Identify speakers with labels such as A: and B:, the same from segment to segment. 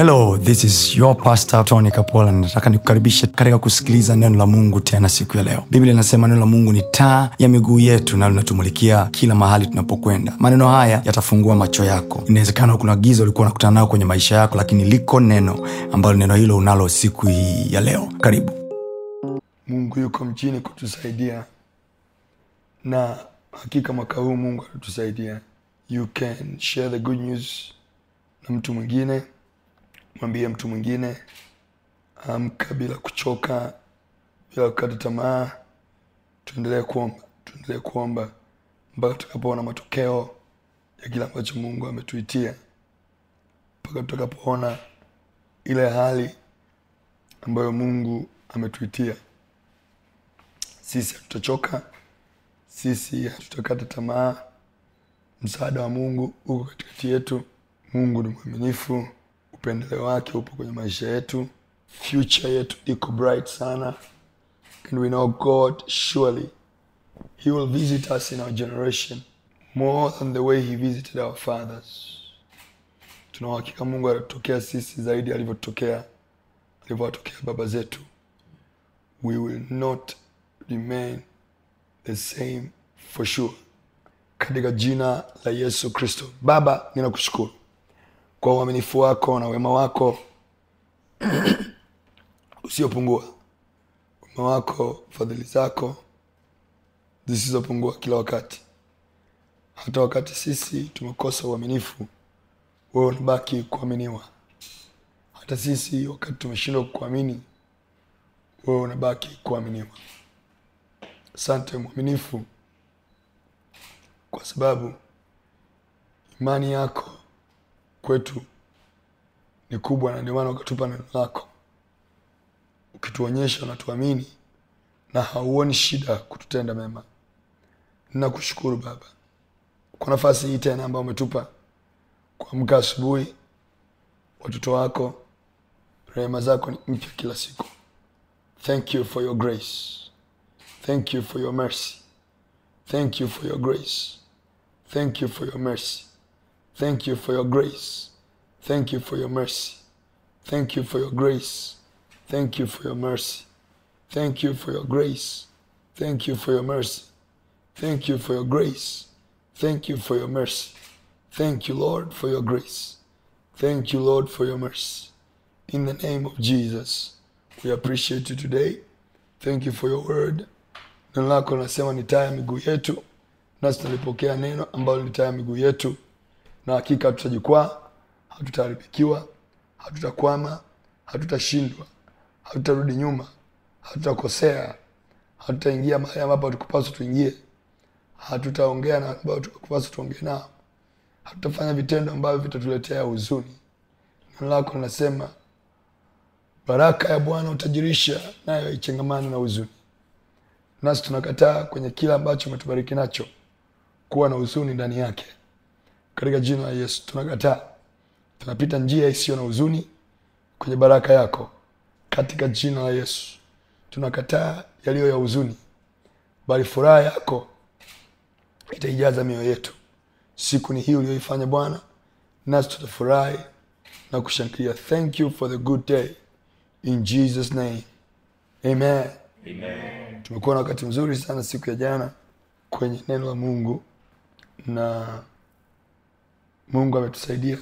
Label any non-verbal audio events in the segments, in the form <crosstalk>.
A: hello this is your pastor tony kapola nataka nikukaribishe katika kusikiliza neno la mungu tena siku ya leo biblia inasema neno la mungu ni taa ya miguu yetu na linatumulikia kila mahali tunapokwenda maneno haya yatafungua macho yako inawezekana kuna giza ulikuwa unakutana nao kwenye maisha yako lakini liko neno ambalo neno hilo unalo siku hii ya leo karibu mungu yuko mchini kutusaidia na hakika mwaka huu mungu anatusaidia you can share the good news na mtu mwingine mwambie mtu mwingine, amka bila kuchoka, bila kukata tamaa. Tuendelee kuomba, tuendelee kuomba mpaka tutakapoona matokeo ya kile ambacho Mungu ametuitia, mpaka tutakapoona ile hali ambayo Mungu ametuitia. Sisi hatutachoka, sisi hatutakata tamaa. Msaada wa Mungu uko katikati yetu. Mungu ni mwaminifu upendeleo wake upo kwenye maisha yetu future yetu iko bright sana and we know god surely he will visit us in our generation more than the way he visited our fathers tunauhakika mungu atatokea sisi zaidi alivyotokea alivyowatokea baba zetu we will not remain the same for sure katika jina la yesu kristo baba ninakushukuru kwa uaminifu wako na wema wako <clears throat> usiopungua, wema wako, fadhili zako zisizopungua kila wakati. Hata wakati sisi tumekosa uaminifu, wewe unabaki kuaminiwa. Hata sisi wakati tumeshindwa kukuamini, wewe unabaki kuaminiwa. Asante mwaminifu, kwa sababu imani yako kwetu ni kubwa, na ndio maana ukatupa neno lako, ukituonyesha unatuamini na hauoni shida kututenda mema. Ninakushukuru Baba kwa nafasi hii tena ambayo umetupa kuamka asubuhi, watoto wako, rehema zako ni mpya kila siku. Thank you for your grace, thank you for your mercy, thank you for your grace, thank you for your mercy Thank you for your grace. Thank you for your mercy. Thank you for your grace. Thank you for your mercy. Thank you for your grace. Thank you for your mercy. Thank you for your grace. Thank you for your mercy. Thank you, Lord, for your grace. Thank you, Lord, for your mercy. In the name of Jesus, we appreciate you today. Thank you for your word. Neno lako linasema nitaya miguu yetu, nasi tulipokea neno ambalo litaya miguu yetu na hakika hatutajikwaa, hatutaharibikiwa, hatutakwama, hatutashindwa, hatutarudi nyuma, hatutakosea, hatutaingia mahali ambapo hatukupaswa tuingie, hatutaongea na ambao tukupaswa tuongee nao, hatutafanya vitendo ambavyo vitatuletea huzuni. Neno lako linasema baraka ya Bwana utajirisha nayo haichangamani na huzuni, nasi tunakataa kwenye kila ambacho umetubariki nacho kuwa na huzuni ndani yake katika jina la Yesu. Tunakataa, tunapita njia isiyo na huzuni kwenye baraka yako katika jina la Yesu. Tunakataa yaliyo ya huzuni, bali furaha yako itaijaza mioyo yetu. Siku ni hii uliyoifanya Bwana, nasi tutafurahi na kushangilia. Thank you for the good day in Jesus name. Amen.
B: Amen.
A: Tumekuwa na wakati mzuri sana siku ya jana kwenye neno la Mungu na Mungu ametusaidia.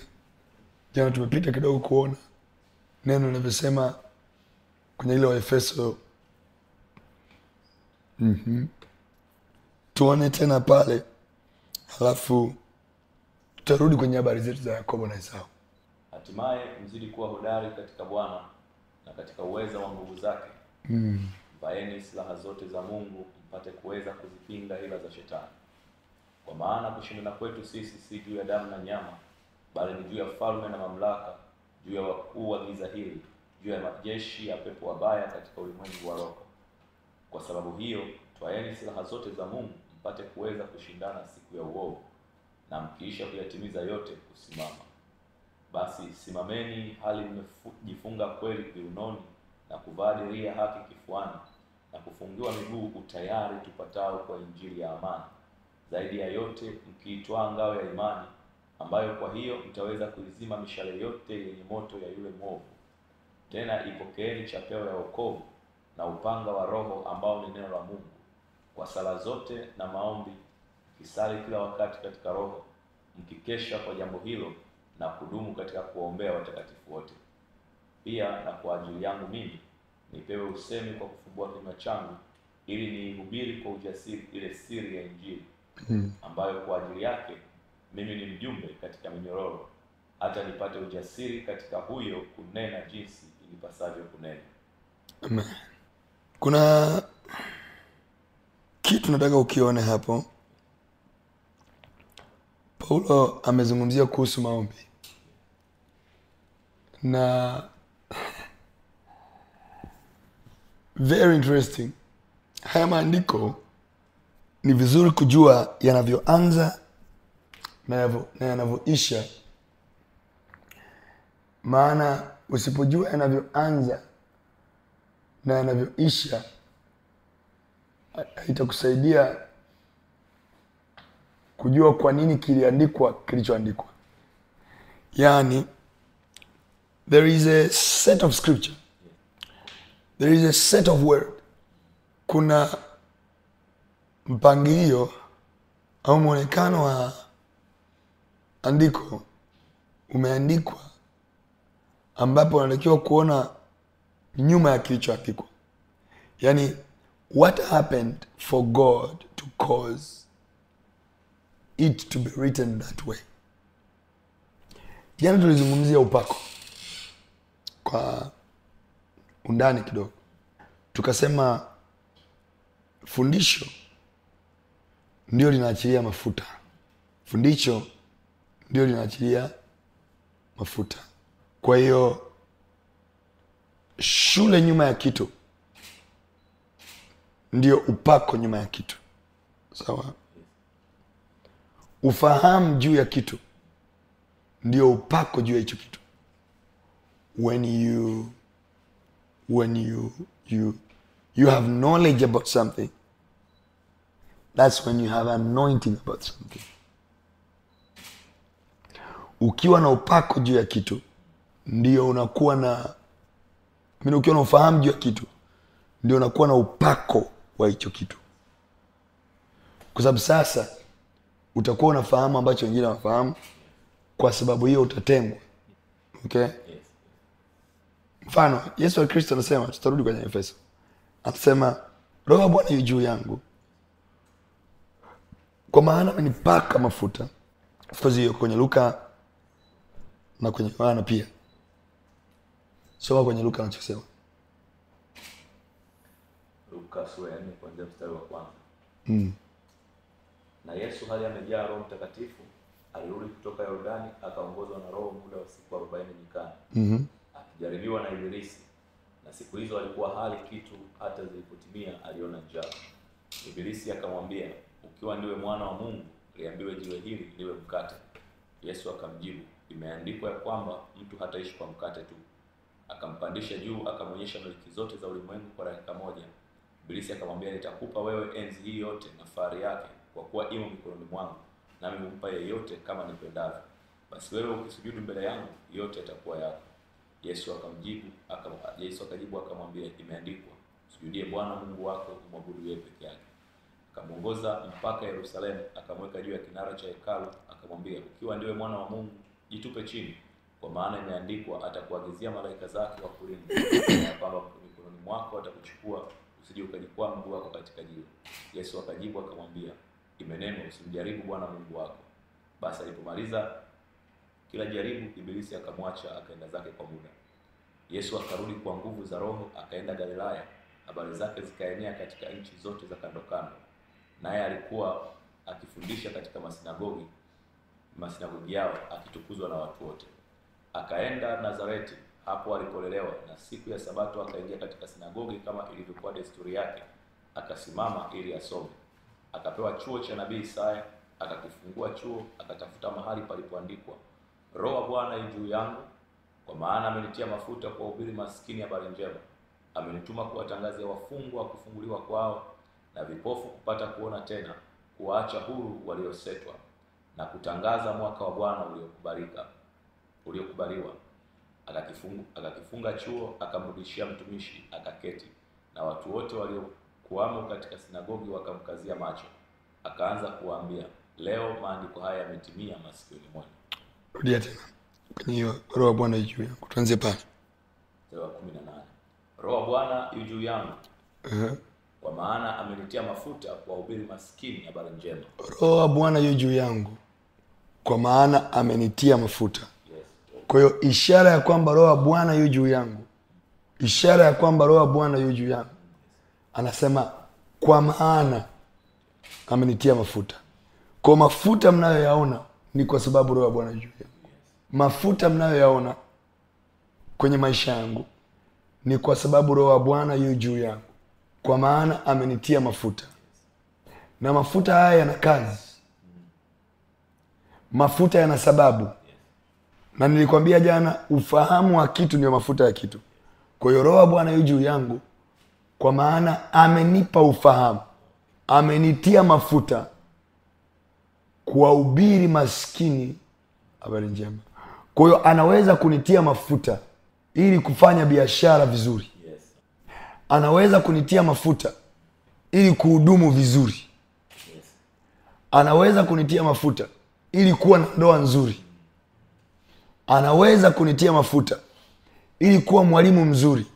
A: Jana tumepita kidogo kuona neno linavyosema kwenye ile Waefeso. mm -hmm. Tuone tena pale, halafu tutarudi kwenye habari zetu za Yakobo na Esau.
B: Hatimaye mzidi kuwa hodari katika Bwana na katika uweza wa nguvu zake. mm. Vaeni silaha zote za Mungu mpate kuweza kuzipinga hila za shetani kwa maana kushindana kwetu sisi si juu ya damu na nyama, bali ni juu ya falme na mamlaka, juu ya wakuu wa giza hili, juu ya majeshi ya pepo wabaya katika ulimwengu wa roho. Kwa sababu hiyo, twaeni silaha zote za Mungu mpate kuweza kushindana siku ya uovu, na mkiisha kuyatimiza yote kusimama. Basi simameni hali mmejifunga kweli viunoni, na kuvaa diria haki kifuani, na kufungiwa miguu utayari tupatao kwa injili ya amani. Zaidi ya yote mkiitwaa ngao ya imani, ambayo kwa hiyo mtaweza kuizima mishale yote yenye moto ya yule mwovu. Tena ipokeeni chapeo ya wokovu na upanga wa Roho ambao ni neno la Mungu, kwa sala zote na maombi mkisali kila wakati katika Roho, mkikesha kwa jambo hilo na kudumu katika kuwaombea watakatifu wote. Pia na kwa ajili yangu mimi nipewe usemi kwa kufumbua kinywa changu, ili niihubiri kwa ujasiri ile siri ya Injili mm. ambayo kwa ajili yake mimi ni mjumbe katika minyororo, hata nipate ujasiri katika huyo kunena jinsi ilipasavyo kunena.
A: Amen. Kuna kitu nataka ukione hapo. Paulo amezungumzia kuhusu maombi na <laughs> very interesting haya maandiko ni vizuri kujua yanavyoanza na yanavyoisha, maana usipojua yanavyoanza na yanavyoisha itakusaidia kujua kwa nini kiliandikwa kilichoandikwa. Yani, there is a set of scripture, there is a set of word, kuna mpangilio au mwonekano wa andiko umeandikwa ambapo unatakiwa kuona nyuma ya kilichoandikwa yani what happened for god to cause it to be written that way jana tulizungumzia upako kwa undani kidogo tukasema fundisho ndio linaachilia mafuta, fundisho ndio linaachilia mafuta. Kwa hiyo shule nyuma ya kitu ndio upako nyuma ya kitu, sawa. Ufahamu juu ya kitu ndio upako juu ya hicho kitu. When you when you you you have knowledge about something That's when you have anointing about something. Ukiwa na upako juu ya kitu ndio unakuwa na mimi, ukiwa na ufahamu juu ya kitu ndio unakuwa na upako wa hicho kitu, kwa sababu sasa utakuwa unafahamu ambacho wengine wanafahamu. Kwa sababu hiyo utatengwa, okay? Mfano Yesu wa Kristo anasema, tutarudi kwenye Efeso, anasema roho ya Bwana yu juu yangu kwa maana amenipaka mafuta of course hiyo kwenye Luka na kwenye Yohana pia. Soma kwenye Luka anachosema.
B: Mm. Na Yesu hali amejaa Roho Mtakatifu alirudi kutoka Yordani akaongozwa na Roho muda wa siku 40 nyikani. Mhm. Akijaribiwa na Ibilisi. Na siku hizo alikuwa hali kitu hata zilipotimia aliona njaa. Ibilisi akamwambia ukiwa ndiwe mwana wa Mungu liambiwe jiwe hili liwe mkate. Yesu akamjibu, imeandikwa ya kwamba mtu hataishi kwa mkate tu. Akampandisha juu, akamwonyesha milki zote za ulimwengu kwa dakika moja. Ibilisi akamwambia, nitakupa wewe enzi hii yote na fahari yake, kwa kuwa imo mikononi mwangu, nami humpa yeyote kama nipendavyo. Basi wewe ukisujudu mbele yangu, yote yatakuwa yako. Yesu akamjibu akamwambia, Yesu akajibu akamwambia, imeandikwa, sujudie Bwana Mungu wako, umwabudu yeye peke yake akamwongoza mpaka Yerusalemu, akamweka juu ya kinara cha hekalu, akamwambia, ukiwa ndiwe mwana wa Mungu, jitupe chini, kwa maana imeandikwa, atakuagizia malaika zake wa kulinda na kwamba mikononi mwako atakuchukua, usije ukajikwaa mguu wako katika jiwe. Yesu akajibu akamwambia, imenenwa, usimjaribu Bwana Mungu wako. Basi alipomaliza kila jaribu, Ibilisi akamwacha akaenda zake kwa muda. Yesu akarudi kwa nguvu za Roho, akaenda Galilaya, habari zake zikaenea katika nchi zote za kando naye alikuwa akifundisha katika masinagogi masinagogi yao akitukuzwa na watu wote. Akaenda Nazareti hapo alikolelewa, na siku ya Sabato akaingia katika sinagogi kama ilivyokuwa desturi yake, akasimama ili asome. Akapewa chuo cha nabii Isaya, akakifungua chuo, akatafuta mahali palipoandikwa, Roho wa Bwana juu yangu, kwa maana amenitia mafuta kuwahubiri maskini habari njema, amenituma kuwatangazia wafungwa kufunguliwa kwao na vipofu kupata kuona tena, kuwaacha huru waliosetwa, na kutangaza mwaka wa Bwana uliokubalika uliokubaliwa. Akakifunga, akakifunga chuo, akamrudishia mtumishi, akaketi, na watu wote waliokuwamo katika sinagogi wakamkazia macho, akaanza kuwaambia, leo maandiko haya yametimia masikioni mwenu.
A: Rudia tena kwenye hiyo roho Bwana juu yangu, tuanze pale
B: 18 roho Bwana yu juu yangu uh -huh kwa maana amenitia mafuta kuwahubiri maskini habari njema.
A: Roho wa Bwana yu juu yangu, kwa maana amenitia mafuta. Kwa hiyo ishara ya kwamba Roho wa Bwana yu juu yangu, ishara ya kwamba Roho wa Bwana yu juu yangu, anasema kwa maana amenitia mafuta. Kwa mafuta mnayoyaona ni kwa sababu Roho wa Bwana yu juu yangu. Mafuta mnayoyaona kwenye maisha yangu ni kwa sababu Roho wa Bwana yu juu yangu kwa maana amenitia mafuta, na mafuta haya yana kazi, mafuta yana sababu. Na nilikwambia jana, ufahamu wa kitu ndio mafuta ya kitu. kwahiyo hiyo Bwana yu juu yangu, kwa maana amenipa ufahamu, amenitia mafuta kuwaubiri maskini habari njema. Kwa hiyo anaweza kunitia mafuta ili kufanya biashara vizuri anaweza kunitia mafuta ili kuhudumu vizuri, anaweza kunitia mafuta ili kuwa na ndoa nzuri, anaweza kunitia mafuta ili kuwa mwalimu mzuri,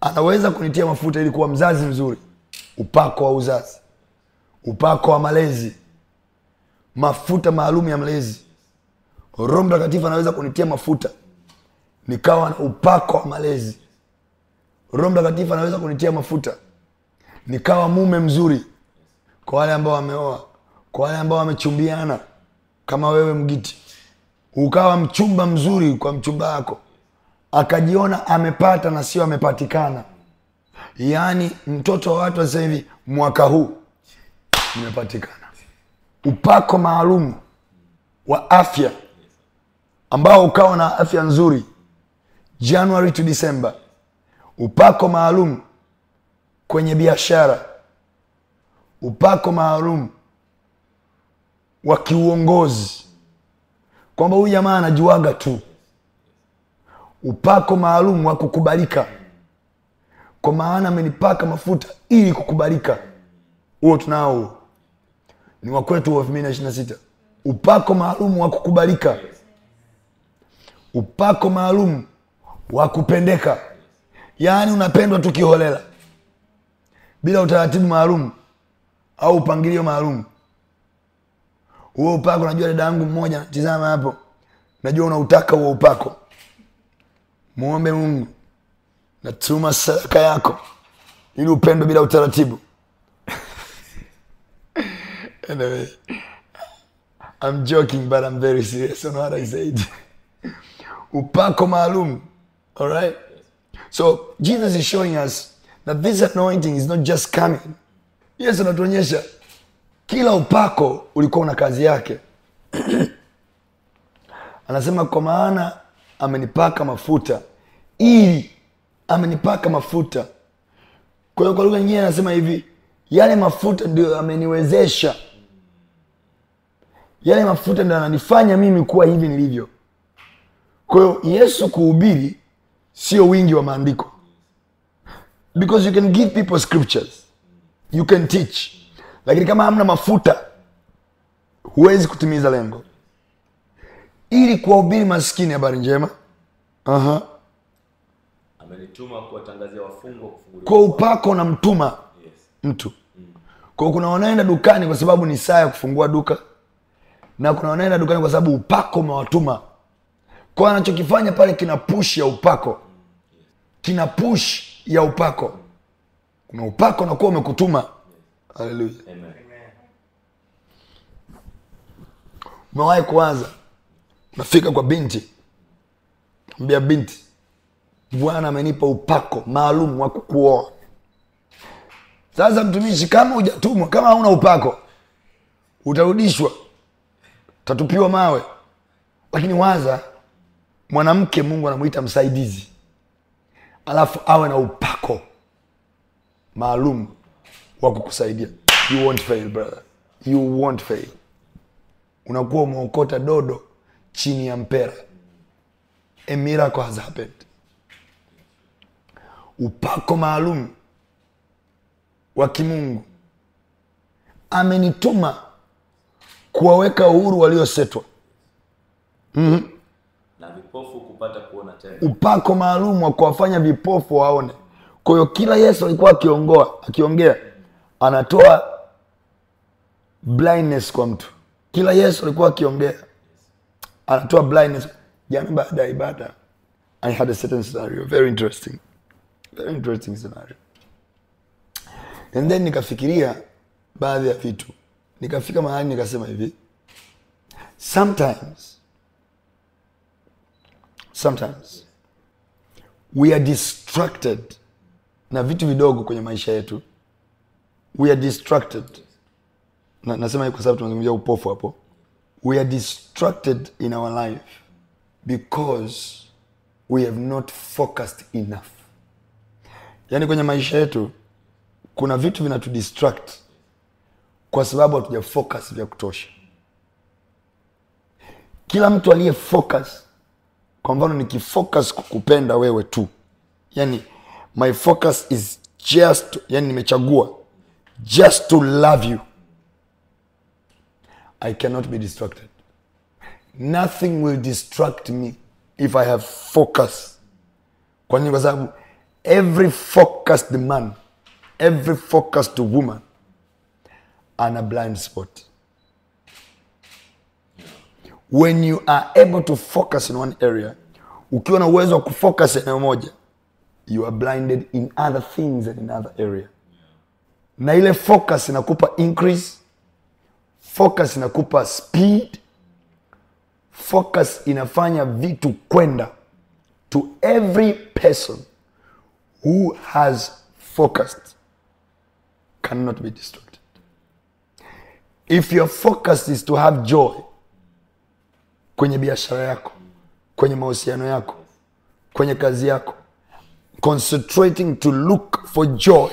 A: anaweza kunitia mafuta ili kuwa mzazi mzuri, upako wa uzazi, upako wa malezi, mafuta maalum ya mlezi. Roho Mtakatifu anaweza kunitia mafuta nikawa na upako wa malezi Roho Mtakatifu anaweza kunitia mafuta nikawa mume mzuri kwa wale ambao wameoa, kwa wale ambao wamechumbiana, kama wewe Mgiti, ukawa mchumba mzuri kwa mchumba wako, akajiona amepata na sio amepatikana. Yaani mtoto wa watu sasa hivi, mwaka huu nimepatikana. Upako maalum wa afya ambao ukawa na afya nzuri January to December upako maalum kwenye biashara, upako maalum wa kiuongozi, kwamba huyu jamaa anajuaga tu, upako maalum wa kukubalika, kwa maana amenipaka mafuta ili kukubalika. Huo tunao huo, ni wakwetu wa elfu mbili na ishirini na sita. Upako maalum wa kukubalika, upako maalum wa kupendeka yaani unapendwa tu kiholela bila utaratibu maalum au upangilio maalum. Huo upako, najua dada yangu mmoja, tizama hapo, najua unautaka huo upako. Muombe Mungu, natuma sadaka yako ili upendwe bila utaratibu. <laughs> anyway, I'm joking but I'm very serious on what I said. upako maalum, right So Jesus is showing us that this anointing is not just coming. Yesu anatuonyesha kila upako ulikuwa na kazi yake. <clears throat> Anasema kwa maana amenipaka mafuta ili amenipaka mafuta. Kwa hiyo kwa lugha nyingine anasema hivi, yale mafuta ndio ameniwezesha, yale mafuta ndio ananifanya mimi kuwa hivi nilivyo. Kwa hiyo Yesu kuhubiri sio wingi wa maandiko because you can give people scriptures you can teach lakini kama hamna mafuta huwezi kutimiza lengo ili kuwahubiri maskini habari njema uh-huh.
B: amenituma kuwatangazia wafungwa kufunguliwa kwa
A: upako na mtuma mtu mm. kwao kuna wanaenda dukani kwa sababu ni saa ya kufungua duka na kuna wanaenda dukani kwa sababu upako umewatuma kwa anachokifanya pale kina push ya upako kina push ya upako. Kuna upako nakuwa umekutuma. Haleluya, umewahi kuwaza, nafika kwa binti, ambia binti, Bwana amenipa upako maalum wa kukuoa. Sasa mtumishi, kama hujatumwa, kama hauna upako, utarudishwa, utatupiwa mawe. Lakini waza, mwanamke Mungu anamuita msaidizi alafu awe na upako maalum wa kukusaidia. You won't fail brother, you won't fail. Unakuwa umeokota dodo chini ya mpera. A miracle has happened. Upako maalum wa kimungu amenituma kuwaweka uhuru waliosetwa. mm -hmm.
B: na vipofu kupata kuona tena,
A: upako maalum wa kuwafanya vipofu waone. Kwa hiyo kila Yesu alikuwa akiongoa akiongea anatoa blindness kwa mtu. Kila Yesu alikuwa akiongea anatoa blindness. Jana baada ya ibada, I had a certain scenario very interesting, very interesting scenario and then nikafikiria baadhi ya vitu, nikafika mahali nikasema hivi sometimes sometimes we are distracted na vitu vidogo kwenye maisha yetu we are distracted na, nasema hii kwa sababu tunazungumzia upofu hapo we are distracted in our life because we have not focused enough yaani kwenye maisha yetu kuna vitu vinatudistract kwa sababu hatuja focus vya kutosha kila mtu aliye focus kwa mfano nikifocus kukupenda wewe tu yani my focus is just yani nimechagua just to love you i cannot be distracted nothing will distract me if i have focus kwa nini kwa sababu every focused man every focused woman ana blind spot when you are able to focus in one area, ukiwa na uwezo wa kufocus eneo moja, you are blinded in other things and in other area. Na ile focus inakupa increase, focus inakupa speed, focus inafanya vitu kwenda to every person who has focused cannot be distracted. If your focus is to have joy kwenye biashara yako, kwenye mahusiano yako, kwenye kazi yako, concentrating to look for joy,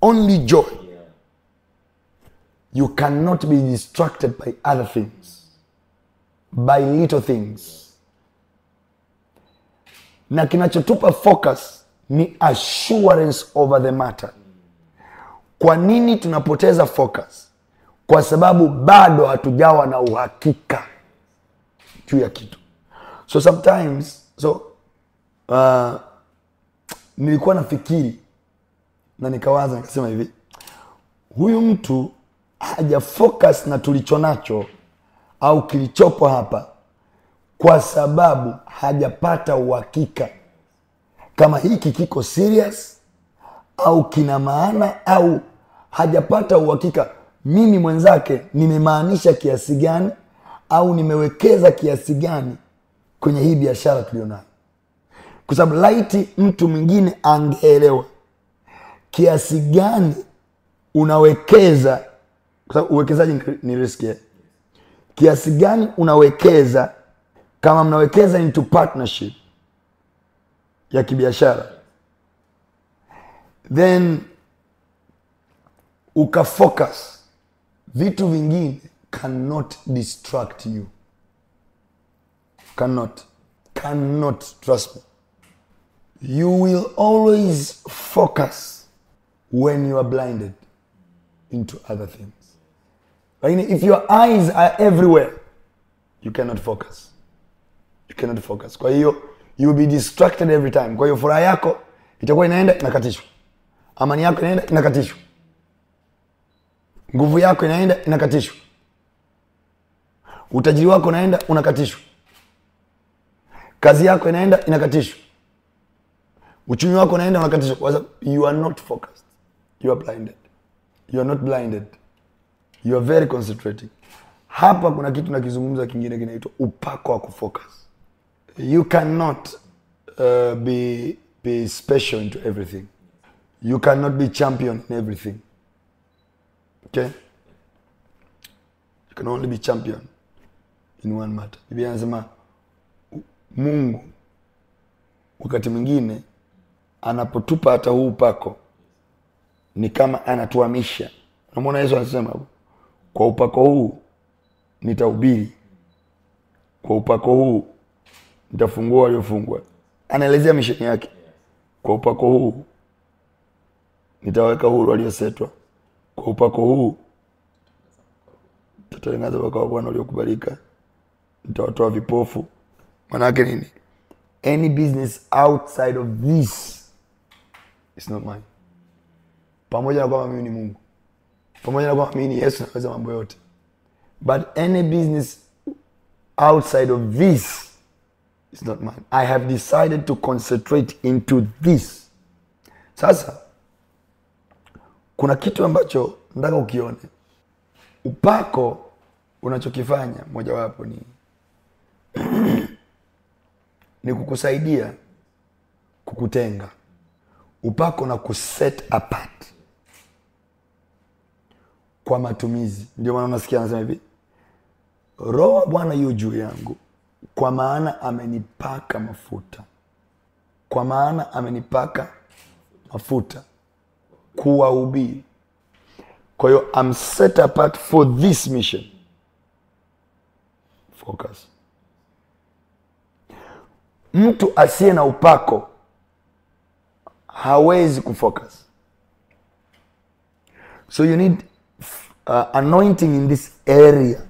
A: only joy. You cannot be distracted by other things, by little things. Na kinachotupa focus ni assurance over the matter. Kwa nini tunapoteza focus? Kwa sababu bado hatujawa na uhakika juu ya kitu so sometimes so uh, nilikuwa nafikiri na nikawaza nikasema hivi huyu mtu haja focus na tulicho nacho au kilichopo hapa kwa sababu hajapata uhakika kama hiki kiko serious au kina maana au hajapata uhakika mimi mwenzake nimemaanisha kiasi gani au nimewekeza kiasi gani kwenye hii biashara tulionayo, kwa sababu laiti mtu mwingine angeelewa kiasi gani unawekeza, kwa sababu uwekezaji ni riski, eh? kiasi gani unawekeza kama mnawekeza into partnership ya kibiashara, then ukafocus vitu vingine cannot distract you cannot cannot trust me you will always focus when you are blinded into other things lakini if your eyes are everywhere you cannot focus you cannot focus kwa hiyo you will be distracted every time kwa hiyo furaha yako itakuwa inaenda inakatishwa amani yako inaenda inakatishwa nguvu yako inaenda inakatishwa utajiri wako unaenda unakatishwa kazi yako inaenda inakatishwa uchumi wako unaenda unakatishwa kwa you are not focused you are blinded you are not blinded you are very concentrating hapa kuna kitu nakizungumza kingine kinaitwa upako wa kufocus you cannot uh, be, be special into everything you cannot be champion in everything okay you can only be champion in one matter. Biblia anasema Mungu wakati mwingine anapotupa hata huu upako ni kama anatuhamisha. Unamwona Yesu anasema kwa upako huu nitahubiri, kwa upako huu nitafungua waliofungwa. Anaelezea misheni yake, kwa upako huu nitaweka huru waliosetwa, kwa upako huu tatangaza upako wa Bwana uliokubalika nitawatoa vipofu. Manake nini? Any business outside of this is not mine. Pamoja na kwamba mimi ni Mungu, pamoja na kwamba mimi ni Yesu, naweza mambo yote, but any business outside of this is not mine. I have decided to concentrate into this. Sasa kuna kitu ambacho nataka ukione, upako unachokifanya mojawapo ni <clears throat> ni kukusaidia kukutenga upako na kuset apart kwa matumizi. Ndio maana unasikia anasema hivi, Roho Bwana yu juu yangu, kwa maana amenipaka mafuta, kwa maana amenipaka mafuta kuwahubiri. Kwa hiyo am set apart for this mission. Focus. Mtu asiye na upako hawezi kufocus, so you need uh, anointing in this area,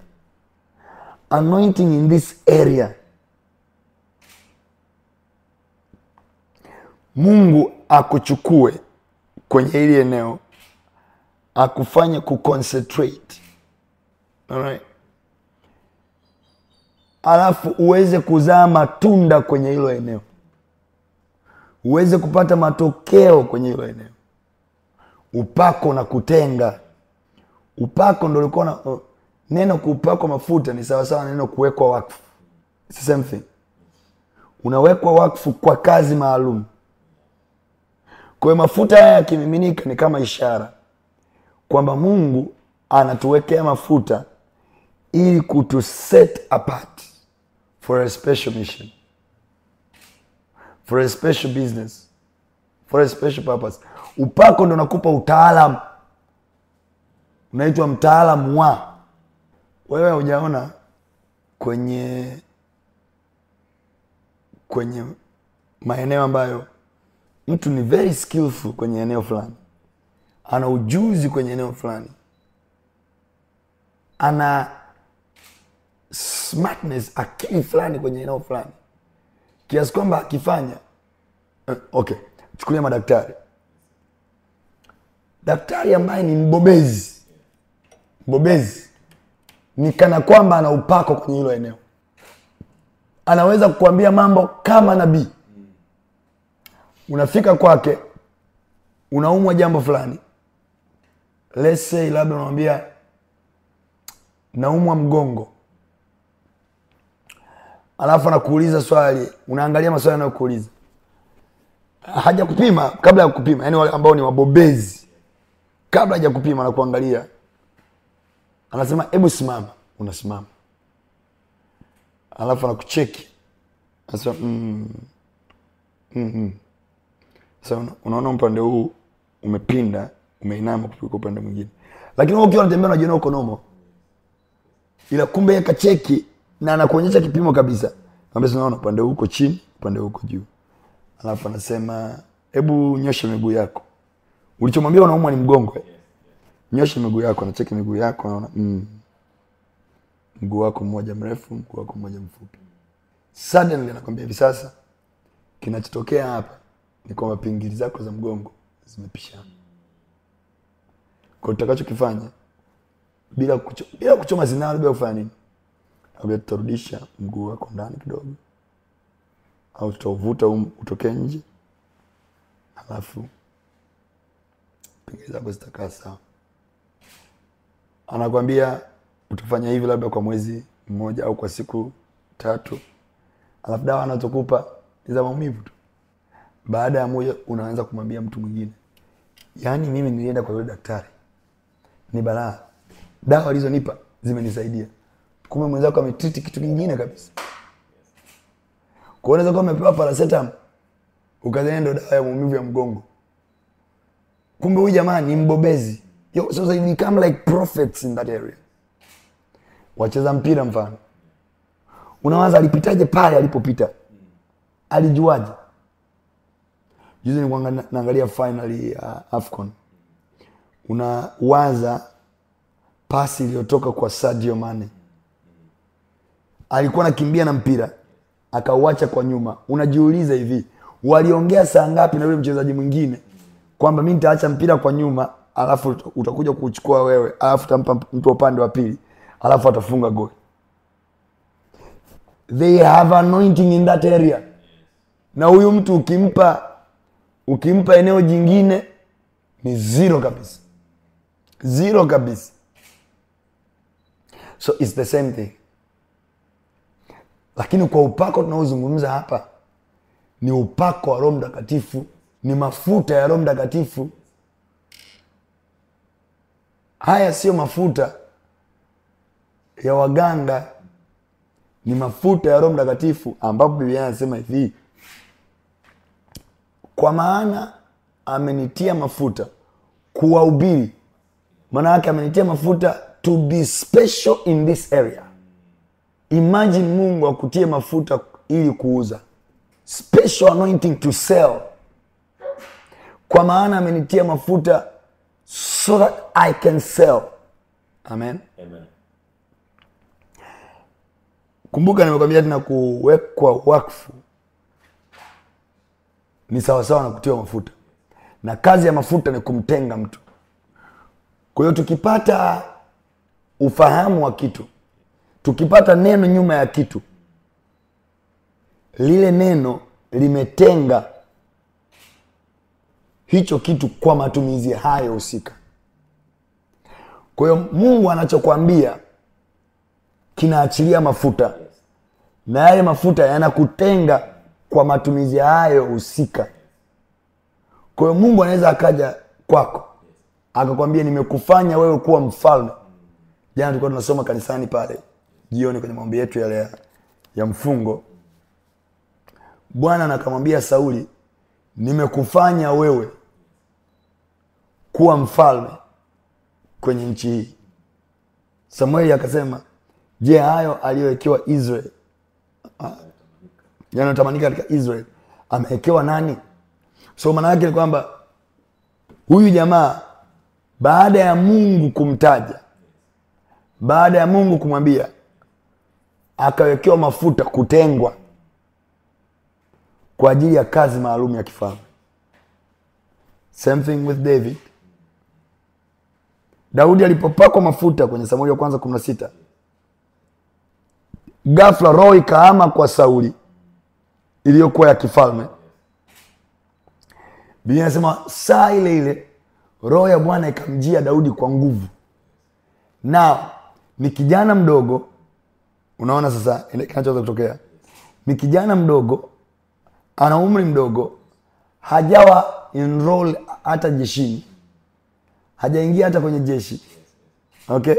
A: anointing in this area. Mungu akuchukue kwenye hili eneo akufanye kuconcentrate. All right alafu uweze kuzaa matunda kwenye hilo eneo, uweze kupata matokeo kwenye hilo eneo. Upako na kutenga, upako ndo ulikuwa na uh, neno kupakwa mafuta ni sawasawa neno kuwekwa wakfu, same thing. Unawekwa wakfu kwa kazi maalum. kwayo mafuta haya yakimiminika ni kama ishara kwamba Mungu anatuwekea mafuta ili kutu for a special mission, for a special business, for a special purpose. Upako ndo nakupa utaalamu, unaitwa mtaalamu wa. Wewe hujaona kwenye kwenye maeneo ambayo mtu ni very skillful kwenye eneo fulani, ana ujuzi kwenye eneo fulani, ana smartness, akili fulani kwenye eneo fulani, kiasi kwamba akifanya eh, okay, chukulia madaktari, daktari ambaye ni mbobezi mbobezi ni kana kwamba ana upako kwenye hilo eneo, anaweza kukuambia mambo kama nabii. Unafika kwake, unaumwa jambo fulani, lese labda unamwambia naumwa mgongo, alafu anakuuliza swali, unaangalia maswali anayokuuliza, haja kupima kabla ya kupima, yani wale ambao ni wabobezi, kabla haja kupima anakuangalia anasema hebu simama, unasimama, alafu anakucheki, anasema mm, mm, mm. So, unaona upande huu umepinda, umeinama kuliko upande mwingine, lakini wewe ukiwa unatembea unajiona uko nomo, ila kumbe yeye kacheki na anakuonyesha kipimo kabisa. Naambia unaona upande huko chini, upande huko juu. Alafu anasema hebu nyoshe miguu yako. Ulichomwambia unaumwa ni mgongo. Eh? Nyoshe miguu yako, anacheki miguu yako, anaona mm. Mguu wako mmoja mrefu, mguu wako mmoja mfupi. Suddenly anakwambia hivi sasa kinachotokea hapa ni kwamba pingili zako za mgongo zimepishana. Kwa utakachokifanya bila kucho, bila kuchoma zinaa bila kufanya nini? labda tutarudisha mguu wako ndani kidogo, au tutauvuta um, utoke nje, alafu pingili zako zitakaa sawa. Anakwambia utafanya hivi labda kwa mwezi mmoja au kwa siku tatu, alafu dawa anazokupa ni za maumivu tu. Baada ya moja, unaanza kumwambia mtu mwingine, yaani mimi nilienda kwa yule daktari, ni balaa, dawa alizonipa zimenisaidia kumbe mwenzako ametriti kitu kingine kabisa. Kwa kuwa amepewa paracetam ukadhani ndo dawa ya maumivu ya mgongo, kumbe huyu jamaa ni mbobezi. Yo, so they become like prophets in that area. Wacheza mpira mfano, unawaza alipitaje pale alipopita, alijuaje? Juzi kwanga naangalia finali ya uh, Afcon, unawaza pasi iliyotoka kwa Sadio Mane mm alikuwa anakimbia na mpira akauacha kwa nyuma. Unajiuliza hivi waliongea saa ngapi na yule mchezaji mwingine kwamba mi nitaacha mpira kwa nyuma, alafu utakuja kuchukua wewe, alafu tampa mtu wa upande wa pili, alafu atafunga goli. They have anointing in that area. Na huyu mtu ukimpa ukimpa eneo jingine ni zero kabisa, zero kabisa. So it's the same thing. Lakini kwa upako tunaozungumza hapa ni upako wa Roho Mtakatifu, ni mafuta ya Roho Mtakatifu. Haya siyo mafuta ya waganga, ni mafuta ya Roho Mtakatifu, ambapo Biblia anasema hivi, kwa maana amenitia mafuta kuwaubiri Maana yake amenitia mafuta to be special in this area Imagine Mungu akutie mafuta ili kuuza, special anointing to sell. Kwa maana amenitia mafuta so that I can sell. Amen, amen. Kumbuka nimekwambia tena, kuwekwa wakfu ni sawasawa na kutiwa mafuta, na kazi ya mafuta ni kumtenga mtu. Kwa hiyo tukipata ufahamu wa kitu Tukipata neno nyuma ya kitu, lile neno limetenga hicho kitu kwa matumizi hayo husika. Kwa hiyo Mungu anachokwambia kinaachilia mafuta, na yale mafuta yanakutenga kwa matumizi hayo husika. Kwa hiyo Mungu anaweza akaja kwako akakwambia nimekufanya wewe kuwa mfalme. Jana tulikuwa tunasoma kanisani pale jioni kwenye maombi yetu yale ya, ya mfungo, Bwana nakamwambia Sauli, nimekufanya wewe kuwa mfalme kwenye nchi hii. Samueli akasema, je, hayo aliyowekewa Israeli ah, yanayotamanika katika israel amewekewa nani? So maana yake ni kwamba huyu jamaa baada ya Mungu kumtaja, baada ya Mungu kumwambia akawekewa mafuta kutengwa kwa ajili ya kazi maalum ya kifalme. Same thing with David. Daudi alipopakwa mafuta kwenye Samueli wa kwanza kumi na sita, gafla roho ikaama kwa Sauli iliyokuwa ya kifalme. Biblia inasema saa ile ile roho ya Bwana ikamjia Daudi kwa nguvu, na ni kijana mdogo Unaona sasa kinachoweza kutokea ni kijana mdogo, ana umri mdogo, hajawa enroll hata jeshini, hajaingia hata kwenye jeshi okay,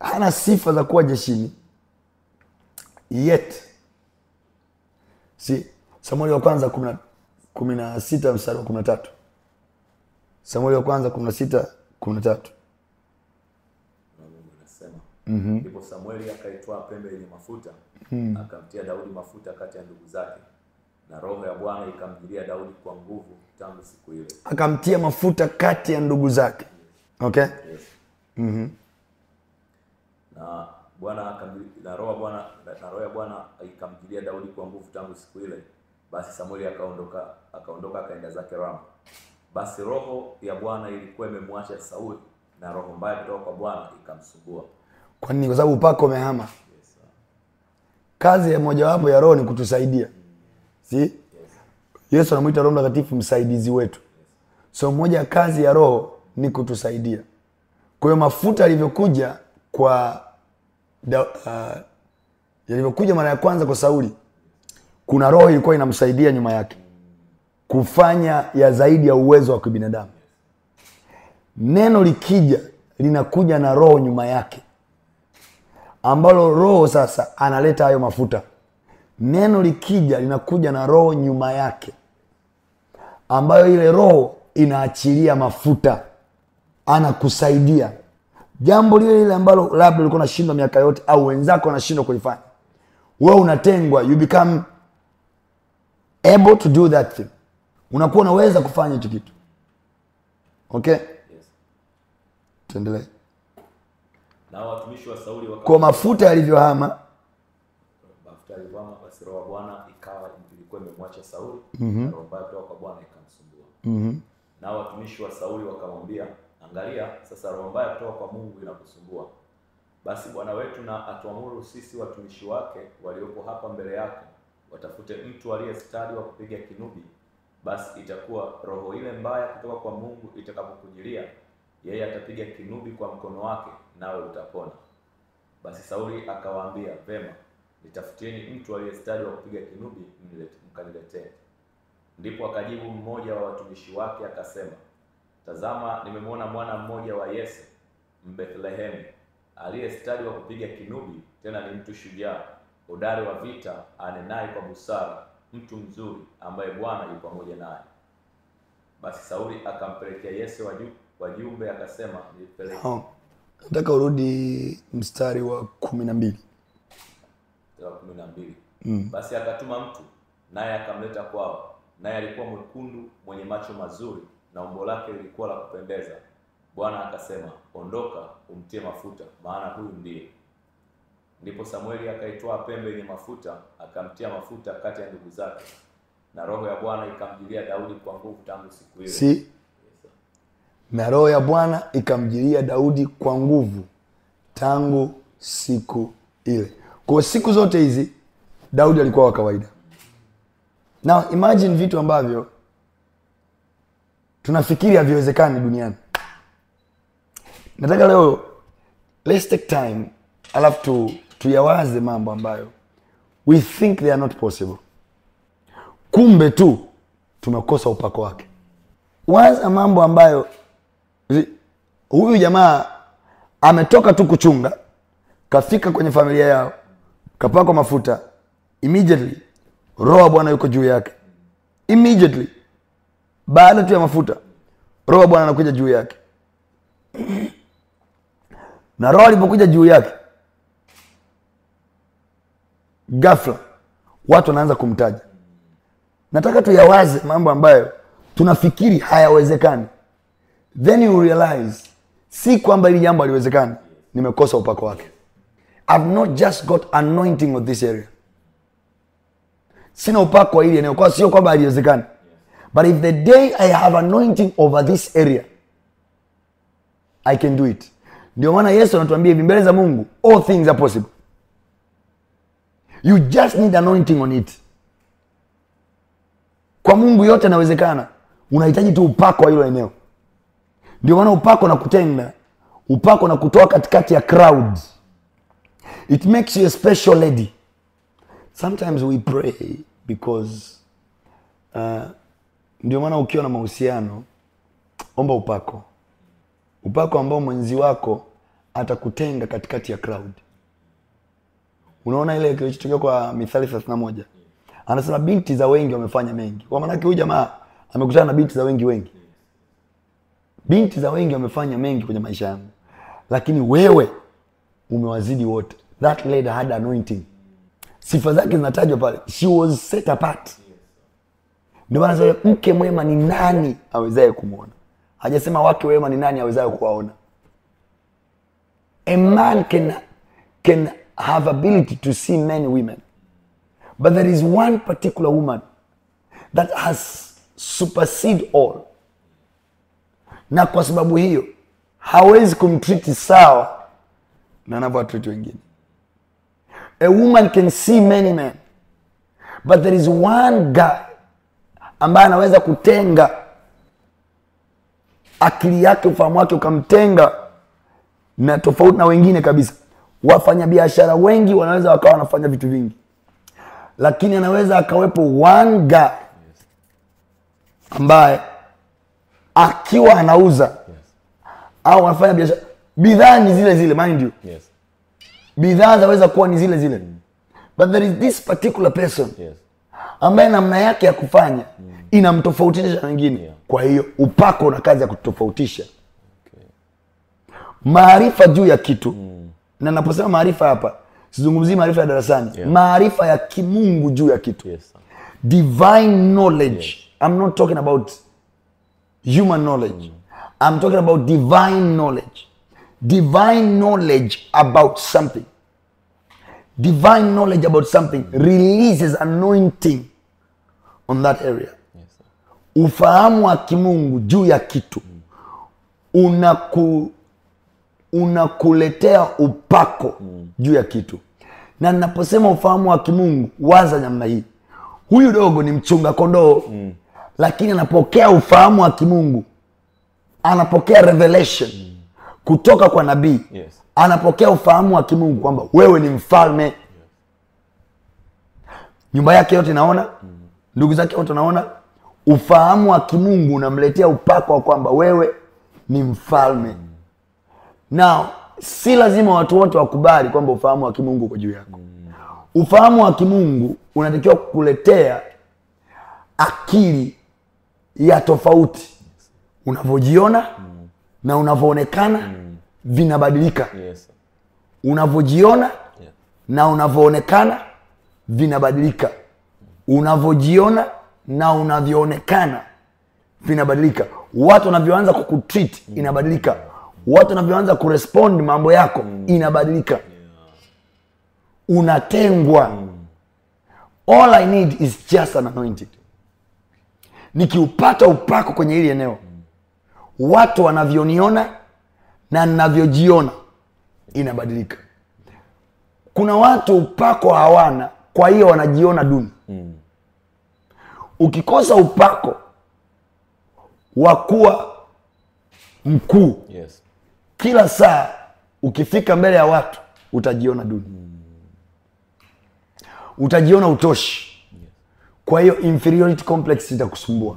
A: hana sifa za kuwa jeshini yet. Si Samueli wa kwanza kumi na sita mstari wa kumi na tatu Samueli wa kwanza kumi na sita kumi na tatu
B: mm -hmm. Samueli akaitoa pembe yenye mafuta mm -hmm. akamtia Daudi mafuta kati ya ndugu zake, na roho ya Bwana ikamjilia Daudi kwa nguvu tangu siku ile.
A: Akamtia mafuta kati ya ndugu zake yes. okay yes. mm -hmm.
B: na Bwana na roho Bwana na roho ya Bwana ikamjilia Daudi kwa nguvu tangu siku ile. Basi Samueli akaondoka akaondoka akaenda zake Rama. Basi roho ya Bwana ilikuwa imemwacha Sauli na roho mbaya kutoka kwa Bwana ikamsumbua.
A: Kwa nini? Kwa sababu upako umehama. Kazi ya mojawapo ya Roho ni kutusaidia, si Yesu anamuita Roho Mtakatifu msaidizi wetu. So moja ya kazi ya Roho ni kutusaidia. Kwa hiyo mafuta yalivyokuja kwa uh, yalivyokuja mara ya kwanza kwa Sauli, kuna roho ilikuwa inamsaidia nyuma yake kufanya ya zaidi ya uwezo wa kibinadamu. Neno likija linakuja na roho nyuma yake ambalo Roho sasa analeta hayo mafuta. Neno likija linakuja na roho nyuma yake, ambayo ile roho inaachilia mafuta, anakusaidia jambo lile lile ambalo labda ulikuwa unashindwa miaka yote, au wenzako wanashindwa kulifanya, wewe unatengwa, you become able to do that thing, unakuwa unaweza kufanya hicho kitu. Okay, tuendelee.
B: Na watumishi wa Sauli wakawa kwa mafuta
A: yalivyohama,
B: mafuta yalivyohama, basi roho ya Bwana ikawa ilikuwa imemwacha Sauli, mm -hmm. roho mbaya kutoka kwa Bwana ikamsumbua. mm -hmm. Na watumishi wa Sauli wakamwambia, angalia sasa, roho mbaya kutoka kwa Mungu inakusumbua, basi bwana wetu na atuamuru sisi watumishi wake waliopo hapa mbele yako watafute mtu aliye stadi wa kupiga kinubi, basi itakuwa roho ile mbaya kutoka kwa Mungu itakapokujilia, yeye atapiga kinubi kwa mkono wake nawe utapona. Basi Sauli akawaambia, vema, nitafutieni mtu aliyestadi wa kupiga kinubi, mkaniletee. Ndipo akajibu mmoja wa watumishi wake akasema, tazama, nimemwona mwana mmoja wa Yese Mbethlehemu aliyestadi wa kupiga kinubi, tena ni mtu shujaa hodari wa vita, anenaye kwa busara, mtu mzuri ambaye Bwana yu pamoja naye. Basi Sauli akampelekea Yese wajumbe, akasema nipeleke
A: Nataka urudi mstari wa kumi na mbili
B: kumi na mbili mm. Basi akatuma mtu naye akamleta kwao, naye alikuwa mwekundu mwenye macho mazuri na umbo lake lilikuwa la kupendeza. Bwana akasema, ondoka umtie mafuta, maana huyu ndiye. Ndipo Samueli akaitwaa pembe yenye mafuta akamtia mafuta kati ya ndugu zake, na roho ya Bwana ikamjilia Daudi kwa nguvu tangu siku ile si
A: na roho ya Bwana ikamjilia Daudi kwa nguvu tangu siku ile. Kwa siku zote hizi Daudi alikuwa wa kawaida. na imagine vitu ambavyo tunafikiri haviwezekani duniani. Nataka leo let's take time alafu tu, tuyawaze mambo ambayo we think they are not possible, kumbe tu tumekosa upako wake. Waza mambo ambayo Huyu jamaa ametoka tu kuchunga, kafika kwenye familia yao, kapakwa mafuta immediately, roho Bwana yuko juu yake immediately. Baada tu ya mafuta, roho Bwana anakuja juu yake, na roho alipokuja juu yake, ghafla watu wanaanza kumtaja. Nataka tuyawaze mambo ambayo tunafikiri hayawezekani then you realize si kwamba hili jambo haliwezekani, nimekosa upako wake. I've not just got anointing of this area. Sina upako wa eneo, kwa sio kwamba haliwezekani, but if the day I have anointing over this area I can do it. Ndio maana Yesu anatuambia hivi mbele za Mungu, all things are possible. You just need anointing on it. Kwa Mungu yote anawezekana unahitaji tu upako wa hilo eneo. Ndio maana upako na kutenga, upako na kutoa katikati ya crowd. It makes you a special lady. Sometimes we pray because uh, ndio maana ukiwa na mahusiano omba upako, upako ambao mwenzi wako atakutenga katikati ya crowd. Unaona ile kilichotokea kwa Mithali thelathini moja anasema binti za wengi wamefanya mengi. Kwa maana huyu jamaa amekutana na binti za wengi wengi Binti za wengi wamefanya mengi kwenye maisha yangu, lakini wewe umewazidi wote. That lady had anointing, sifa zake zinatajwa pale, she was set apart. Ndio maana sasa, mke mwema ni nani awezaye kumwona? Hajasema wake wema ni nani awezaye kuwaona. A man can, can have ability to see many women but there is one particular woman that has supersede all na kwa sababu hiyo hawezi kumtriti sawa na anavyowatriti wengine. A woman can see many men but there is one guy ambaye anaweza kutenga akili yake, ufahamu wake ukamtenga na tofauti na wengine kabisa. Wafanyabiashara wengi wanaweza wakawa wanafanya vitu vingi, lakini anaweza akawepo one guy ambaye akiwa anauza yes. au anafanya biashara, bidhaa ni zile zile, mind you yes. bidhaa zaweza kuwa ni zile zile mm. but there is this particular person yes. ambaye namna yake ya kufanya mm. inamtofautisha na wengine yeah. kwa hiyo upako una kazi ya kutofautisha okay. maarifa juu ya kitu mm. na naposema maarifa hapa sizungumzii maarifa ya darasani yeah. maarifa ya kimungu juu ya kitu yes. divine knowledge yes. I'm not talking about human knowledge. I'm talking about divine knowledge. Divine knowledge about something. Divine knowledge about something releases anointing on that area. Ufahamu wa kimungu juu ya kitu unaku unakuletea upako juu ya kitu. Na naposema ufahamu wa kimungu, waza namna hii, huyu dogo ni mchunga kondoo mm lakini anapokea ufahamu wa kimungu, anapokea revelation kutoka kwa nabii yes. anapokea ufahamu wa kimungu kwamba wewe ni mfalme nyumba yake yote naona ndugu zake wote naona ufahamu wa kimungu unamletea upako wa kwamba wewe ni mfalme na si lazima watu wote wakubali kwamba ufahamu wa kimungu uko juu yako ufahamu wa kimungu unatakiwa kukuletea akili ya tofauti unavyojiona mm. na unavyoonekana mm. vinabadilika yes. unavyojiona yeah. na unavyoonekana vinabadilika unavyojiona na unavyoonekana vinabadilika watu wanavyoanza kukutreat mm. inabadilika watu wanavyoanza kurespond mambo yako mm. inabadilika unatengwa mm. all i need is just an nikiupata upako kwenye hili eneo, watu wanavyoniona na ninavyojiona inabadilika. Kuna watu upako hawana, kwa hiyo wanajiona duni. Ukikosa upako wa kuwa mkuu, yes. Kila saa ukifika mbele ya watu utajiona duni, utajiona utoshi kwa hiyo inferiority complex itakusumbua.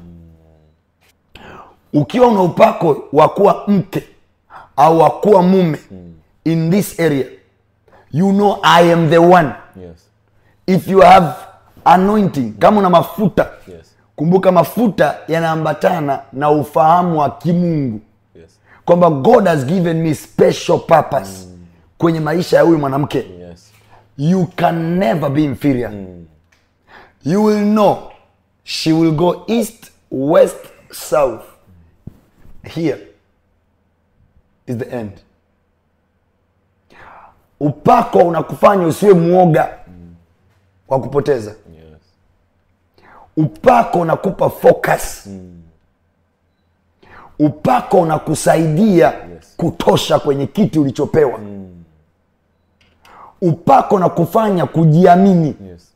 A: Ukiwa una upako wa kuwa mke au wa kuwa mume in this area, you know I am the one. Yes. If you have anointing, kama una mafuta yes. Kumbuka mafuta yanaambatana na ufahamu wa kimungu yes. Kwamba God has given me special purpose mm. Kwenye maisha ya huyu mwanamke yes. You can never be inferior mm you will know she will go east, west, south. Here is the end. Upako unakufanya usiwe mwoga wa kupoteza. Upako unakupa focus. Mm. Upako unakusaidia kutosha kwenye kiti ulichopewa. Mm. Upako unakufanya kujiamini. Yes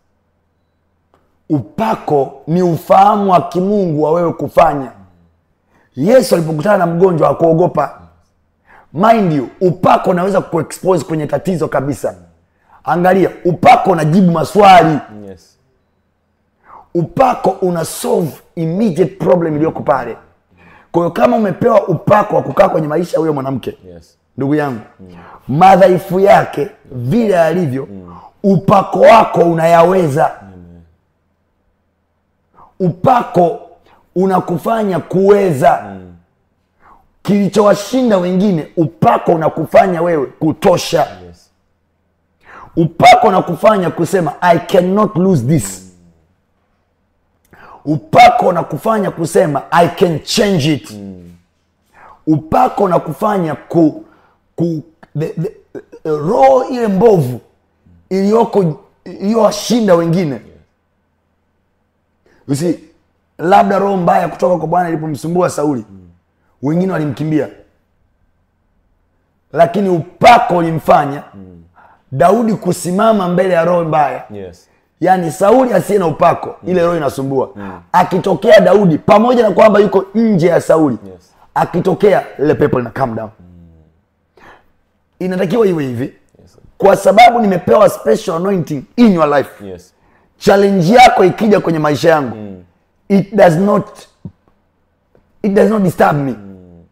A: upako ni ufahamu wa kimungu wa wewe kufanya. Yesu alipokutana na mgonjwa akuogopa Mind you, upako unaweza kuexpose kwenye tatizo kabisa. Angalia, upako unajibu maswali yes. Upako una solve problem iliyoko pale. kwahiyo kama umepewa upako wa kukaa kwenye maisha huyo mwanamke yes. Ndugu yangu mm. madhaifu yake vile alivyo mm. upako wako unayaweza mm upako unakufanya kuweza mm. kilichowashinda wengine upako unakufanya wewe kutosha yes. upako unakufanya kusema i cannot lose this mm. upako unakufanya kusema i can change it mm. upako unakufanya ku, ku the, the, roho ile mbovu iliyoko iliyowashinda wengine usi labda roho mbaya kutoka kwa Bwana ilipomsumbua Sauli mm. wengine walimkimbia, lakini upako ulimfanya mm. Daudi kusimama mbele ya roho mbaya yes. Yaani Sauli asiye na upako mm. ile roho inasumbua mm. mm. akitokea Daudi, pamoja na kwamba yuko nje ya Sauli yes. akitokea lile pepo lina calm down mm. inatakiwa iwe hivi yes. kwa sababu nimepewa special anointing in your life yes challenge yako ikija kwenye maisha yangu mm. it does not it does not disturb me mm.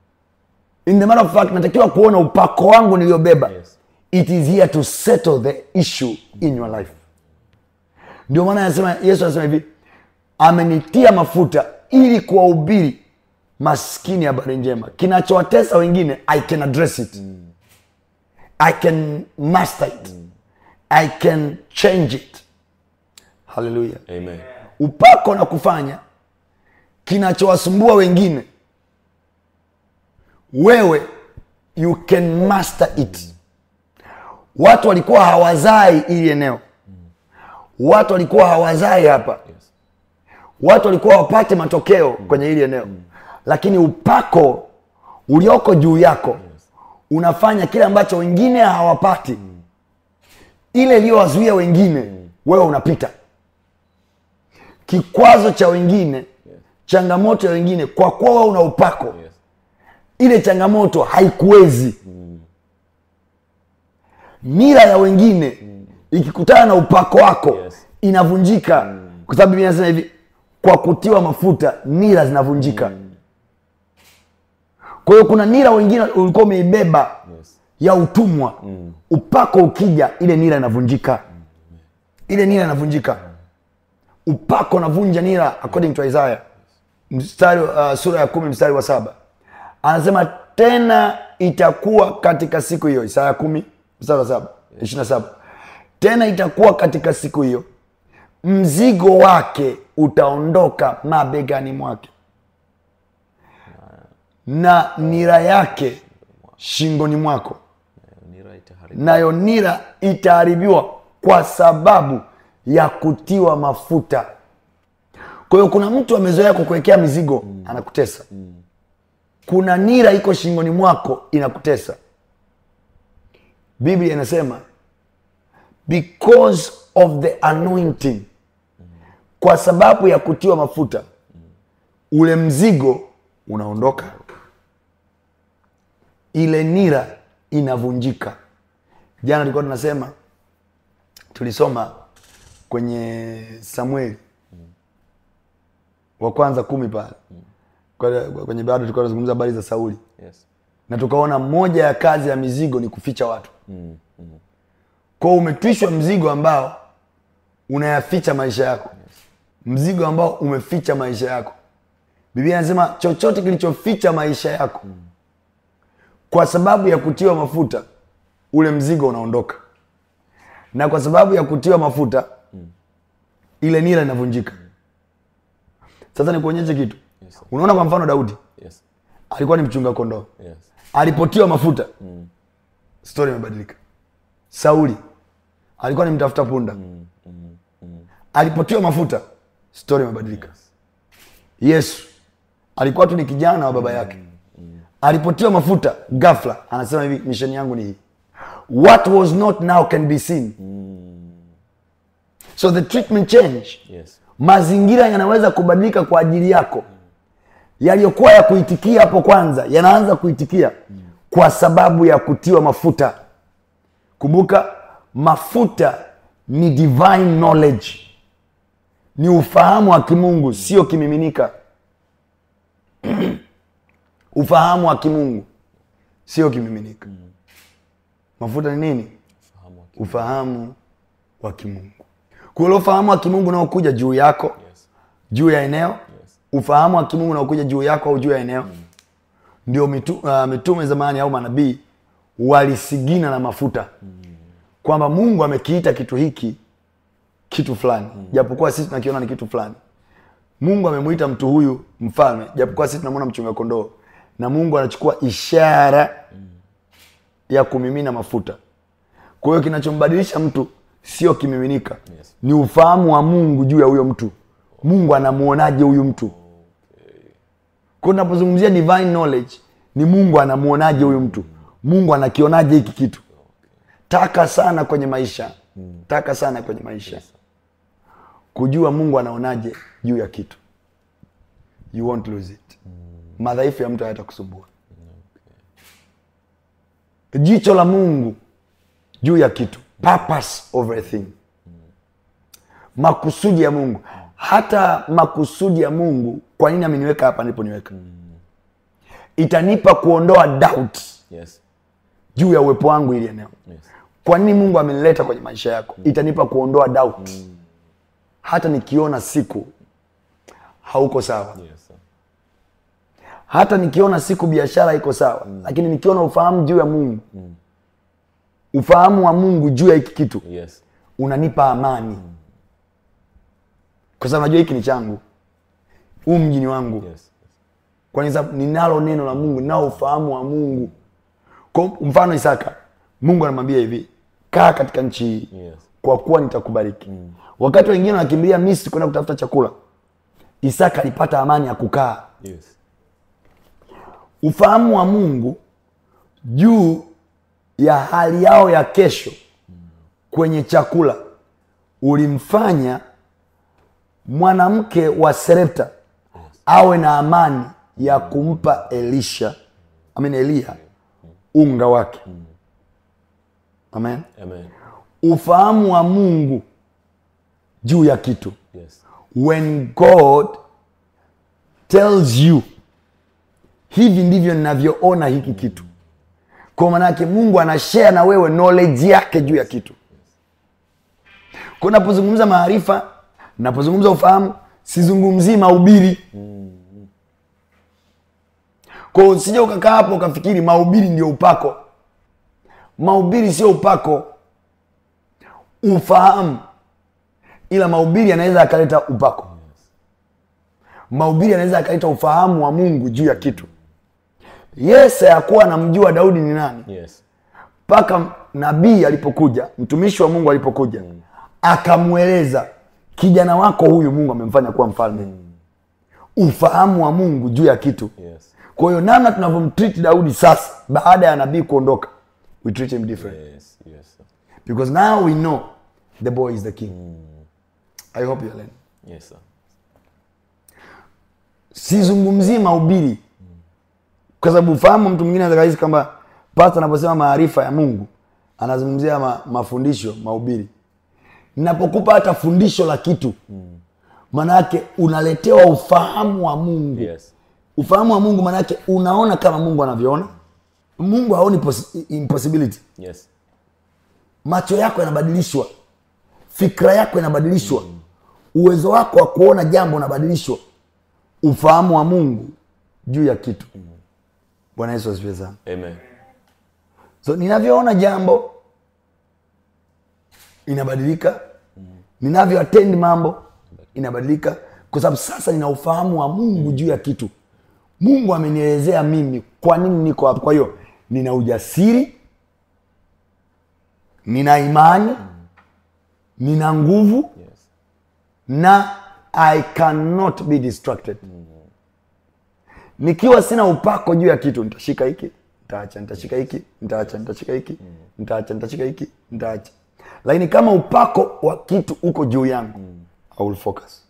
A: in the matter of fact natakiwa kuona upako wangu niliyobeba yes. it is here to settle the issue in your life ndio maana anasema yesu anasema hivi amenitia mafuta ili kuwahubiri maskini habari njema kinachowatesa wengine i can address it mm. i can master it mm. i can change it Haleluya, Upako na kufanya kinachowasumbua wengine, wewe you can master it. Watu walikuwa hawazai ili eneo, watu walikuwa hawazai hapa, watu walikuwa wapate matokeo kwenye hili eneo, mm. lakini upako ulioko juu yako unafanya kile ambacho wengine hawapati, mm. ile iliyowazuia wengine, mm. wewe unapita kikwazo cha wengine changamoto ya wengine kwa kuwa wao una upako yes. ile changamoto haikuwezi mm. mira ya wengine mm. ikikutana na upako wako yes. inavunjika mm. kwa sababu Biblia hivi kwa kutiwa mafuta nira zinavunjika mm. kwa hiyo kuna nira wengine ulikuwa umeibeba yes. ya utumwa mm. upako ukija ile nira inavunjika mm. ile nira inavunjika mm upako navunja nira according to Isaiah mstari uh, sura ya kumi mstari wa saba anasema tena itakuwa katika siku hiyo Isaya kumi mstari wa saba ishirini saba tena itakuwa katika siku hiyo mzigo wake utaondoka mabegani mwake na nira yake shingoni mwako, nayo nira itaharibiwa kwa sababu ya kutiwa mafuta. Kwa hiyo kuna mtu amezoea kukuwekea mizigo mm. anakutesa mm. kuna nira iko shingoni mwako inakutesa. Biblia inasema because of the anointing, mm. kwa sababu ya kutiwa mafuta mm. ule mzigo unaondoka, ile nira inavunjika. Jana tulikuwa tunasema, tulisoma kwenye Samueli mm. wa kwanza kumi pale mm. kwenye bado tulikuwa tunazungumza habari za Sauli yes. na tukaona moja ya kazi ya mizigo ni kuficha watu
B: mm. Mm.
A: kwao umetwishwa mzigo ambao unayaficha maisha yako yes. mzigo ambao umeficha maisha yako Biblia anasema chochote kilichoficha maisha yako mm. kwa sababu ya kutiwa mafuta ule mzigo unaondoka na kwa sababu ya kutiwa mafuta ile nira inavunjika. Sasa nikuonyeshe kitu yes. Unaona, kwa mfano Daudi yes. alikuwa ni mchunga kondoo
B: yes. alipotiwa mafuta mm.
A: stori imebadilika. Sauli alikuwa ni mtafuta punda mm. Mm. Mm. alipotiwa mafuta stori imebadilika. yes. Yesu alikuwa tu ni kijana wa baba yake mm. Mm. alipotiwa mafuta ghafla anasema hivi, misheni yangu ni hii, what was not now can be seen mm. So the treatment change. Yes. Mazingira yanaweza kubadilika kwa ajili yako. Yaliyokuwa ya kuitikia hapo kwanza yanaanza kuitikia kwa sababu ya kutiwa mafuta. Kumbuka mafuta ni divine knowledge. Ni ufahamu wa kimungu, sio kimiminika. <clears throat> ufahamu wa kimungu sio kimiminika. Mm. Mafuta ni nini? Ufahamu wa kimungu. Kwa hiyo ufahamu wa kimungu unaokuja juu yako juu ya eneo ufahamu wa kimungu unaokuja juu yako au juu ya eneo mm. ndio mitu, uh, mitume zamani au manabii walisigina na mafuta mm. kwamba Mungu amekiita kitu hiki kitu fulani mm. japokuwa sisi tunakiona ni kitu fulani. Mungu amemwita mtu huyu mfalme, japokuwa sisi tunamwona mchunga kondoo, na Mungu anachukua ishara mm. ya kumimina mafuta. Kwa hiyo kinachombadilisha mtu sio kimiminika yes. ni ufahamu wa mungu juu ya huyo mtu mungu anamwonaje huyu mtu kunapozungumzia ko divine knowledge ni mungu anamwonaje huyu mtu mungu anakionaje hiki kitu taka sana kwenye maisha mm. taka sana kwenye maisha kujua mungu anaonaje juu ya kitu you won't lose it mm. madhaifu ya mtu kusumbua mm, jicho la mungu juu ya kitu purpose of makusudi ya Mungu. Hata makusudi ya Mungu, kwa nini ameniweka hapa niliponiweka? Itanipa kuondoa doubt yes. juu ya uwepo wangu ili eneo yes. Kwa nini Mungu amenileta kwenye maisha yako? Mm. Itanipa kuondoa doubt mm. hata nikiona siku hauko sawa yes hata nikiona siku biashara iko sawa mm. lakini nikiona ufahamu juu ya Mungu mm ufahamu wa Mungu juu ya hiki kitu yes. unanipa amani kwa sababu najua hiki ni changu, huu mji ni wangu yes. kwa ninalo neno la Mungu, ninao ufahamu wa Mungu. Kwa mfano Isaka, Mungu anamwambia hivi, kaa katika nchi hii yes. kwa kuwa nitakubariki mm. wakati wengine wanakimbilia Misri kwenda kutafuta chakula, Isaka alipata amani ya kukaa yes. ufahamu wa Mungu juu ya hali yao ya kesho kwenye chakula ulimfanya mwanamke wa Serepta awe na amani ya kumpa Elisha amin Eliya unga wake amen. Amen. Ufahamu wa Mungu juu ya kitu yes. When God tells you hivi ndivyo ninavyoona hiki kitu kwa manake mungu anashea na wewe knowledge yake juu ya kitu k napozungumza maarifa napozungumza ufahamu sizungumzii maubiri ko usija ukakaa hapo ukafikiri maubiri ndio upako maubiri sio upako ufahamu ila maubiri anaweza akaleta upako maubiri anaweza akaleta ufahamu wa mungu juu ya kitu Yese hakuwa anamjua Daudi ni nani mpaka yes. nabii alipokuja, mtumishi wa Mungu alipokuja mm. akamweleza kijana wako huyu Mungu amemfanya kuwa mfalme mm. ufahamu wa Mungu juu ya kitu yes. Kwa hiyo namna tunavyomtreat Daudi sasa baada ya nabii kuondoka, we treat him different yes. Yes. because now we know the boy is the king mm. I hope you learn yes, sir. Sizungumzii mahubiri kwa sababu ufahamu, mtu mwingine anaweza kuhisi kwamba pasta anaposema maarifa ya Mungu anazungumzia ma, mafundisho mahubiri. Ninapokupa hata fundisho la kitu maana yake unaletewa ufahamu wa Mungu yes. Ufahamu wa Mungu maana yake unaona kama Mungu anavyoona. Mungu haoni impossibility yes. Macho yako yanabadilishwa, fikra yako inabadilishwa, mm. uwezo wako wa kuona jambo unabadilishwa, ufahamu wa Mungu juu ya kitu mm. Bwana Yesu asifiwe sana. Amen. So ninavyoona jambo inabadilika, ninavyoattend mambo inabadilika, kwa sababu sasa nina ufahamu wa Mungu juu ya kitu. Mungu amenielezea mimi kwa nini niko hapa. Kwa hiyo nina ujasiri, nina imani, nina nguvu na I cannot be distracted. Mm nikiwa sina upako juu ya kitu nitashika hiki nitaacha nitashika hiki nitaacha nitashika hiki nitaacha nitashika hiki nitaacha lakini kama upako wa kitu uko juu yangu mm. I will focus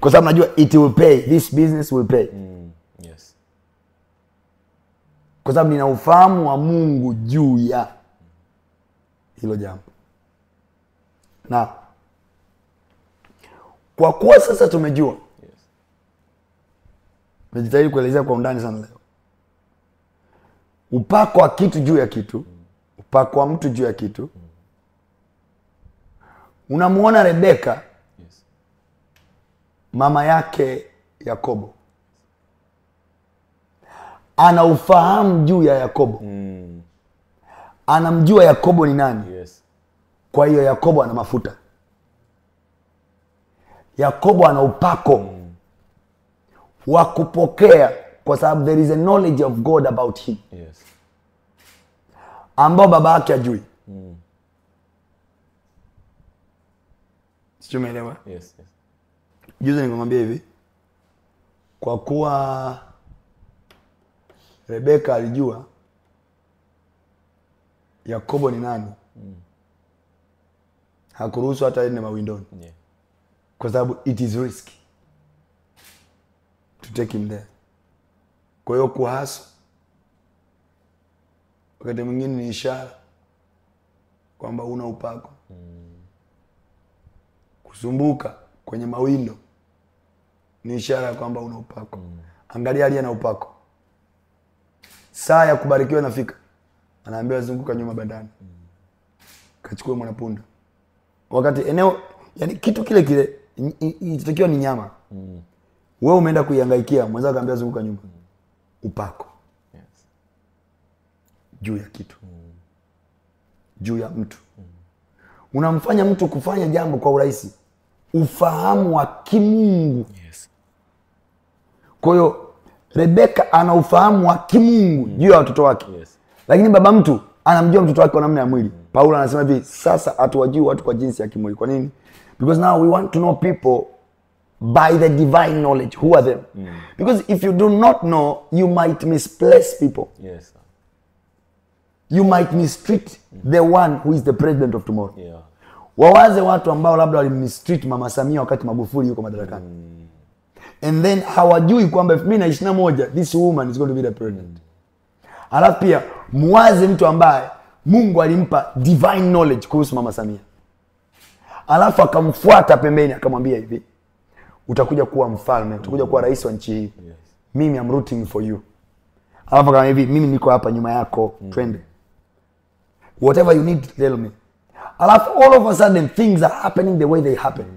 A: kwa sababu najua it will pay this business will pay mm. yes. kwa sababu nina ufahamu wa mungu juu ya hilo jambo na kwa kuwa sasa tumejua Nimejitahidi kuelezea kwa undani sana leo. Upako wa kitu juu ya kitu, upako wa mtu juu ya kitu. unamwona Rebeka mama yake Yakobo ana ufahamu juu ya Yakobo mm. Anamjua Yakobo ni nani yes. Kwa hiyo Yakobo ana mafuta, Yakobo ana upako mm wa kupokea kwa sababu there is a knowledge of god about him yes. ambao baba yake ajui mm. sichumeelewa yes, yes. juzi nikamwambia hivi kwa kuwa rebeka alijua yakobo ni nani mm. hakuruhusu hata ende mawindoni yeah. kwa sababu it is risky to take him there. Kwa hiyo kuhasa wakati mwingine ni ishara kwamba una upako kuzumbuka Kusumbuka kwenye mawindo ni ishara ya kwamba una upako Angalia aliye na upako, saa ya kubarikiwa inafika, anaambiwa zunguka nyuma bandani Kachukue mwanapunda, wakati eneo yani kitu kile kile inatakiwa ni nyama mm wewe umeenda kuiangaikia mwenzao kaambia zunguka nyumba, upako yes. juu ya kitu mm. juu ya mtu mm. unamfanya mtu kufanya jambo kwa urahisi, ufahamu wa kimungu yes. kwa hiyo Rebeka ana ufahamu wa kimungu mm. juu ya watoto wake yes. lakini baba mtu anamjua mtoto wake kwa namna ya mwili mm. Paulo anasema hivi, sasa hatuwajui watu kwa jinsi ya kimwili. Kwa nini? Because now we want to know people by the divine knowledge. Who are them? Mm. Because if you do not know, you might misplace people. Yes. You might mistreat mm. the one who is the president of tomorrow. Yeah. Wawaze watu ambao labda walimistreat Mama Samia wakati Magufuli yuko madarakani. Mm. And then hawajui kwamba 2021 this woman is going to be the president. mm. Alafu pia muwaze mtu ambaye Mungu alimpa divine knowledge kuhusu Mama Samia. Alafu akamfuata pembeni akamwambia hivi, utakuja kuwa mfalme, utakuja kuwa rais wa nchi hii. Yes. Mimi am rooting for you. Alafu kama hivi mimi niko hapa nyuma yako, mm. twende. Whatever you need tell me. Alafu all of a sudden things are happening the way they happen. Mm.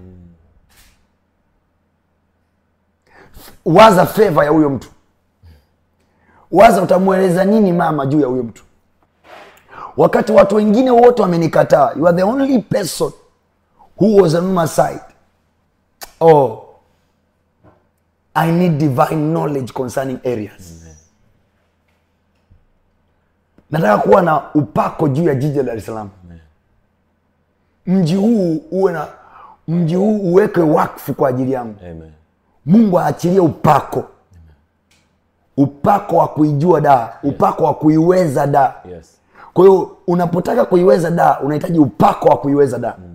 A: Waza favor ya huyo mtu. Waza utamweleza nini mama juu ya huyo mtu. Wakati watu wengine wote wamenikataa, you are the only person who was on my side. Oh, I need divine knowledge concerning areas. Nataka kuwa na upako juu ya jiji la Dar es Salaam. Mji huu uwe na mji huu uweke wakfu kwa ajili yangu. Mungu aachilie upako. Upako wa kuijua da, upako wa kuiweza da. Kwa hiyo unapotaka kuiweza da, unahitaji upako wa kuiweza da. Amen. Mm.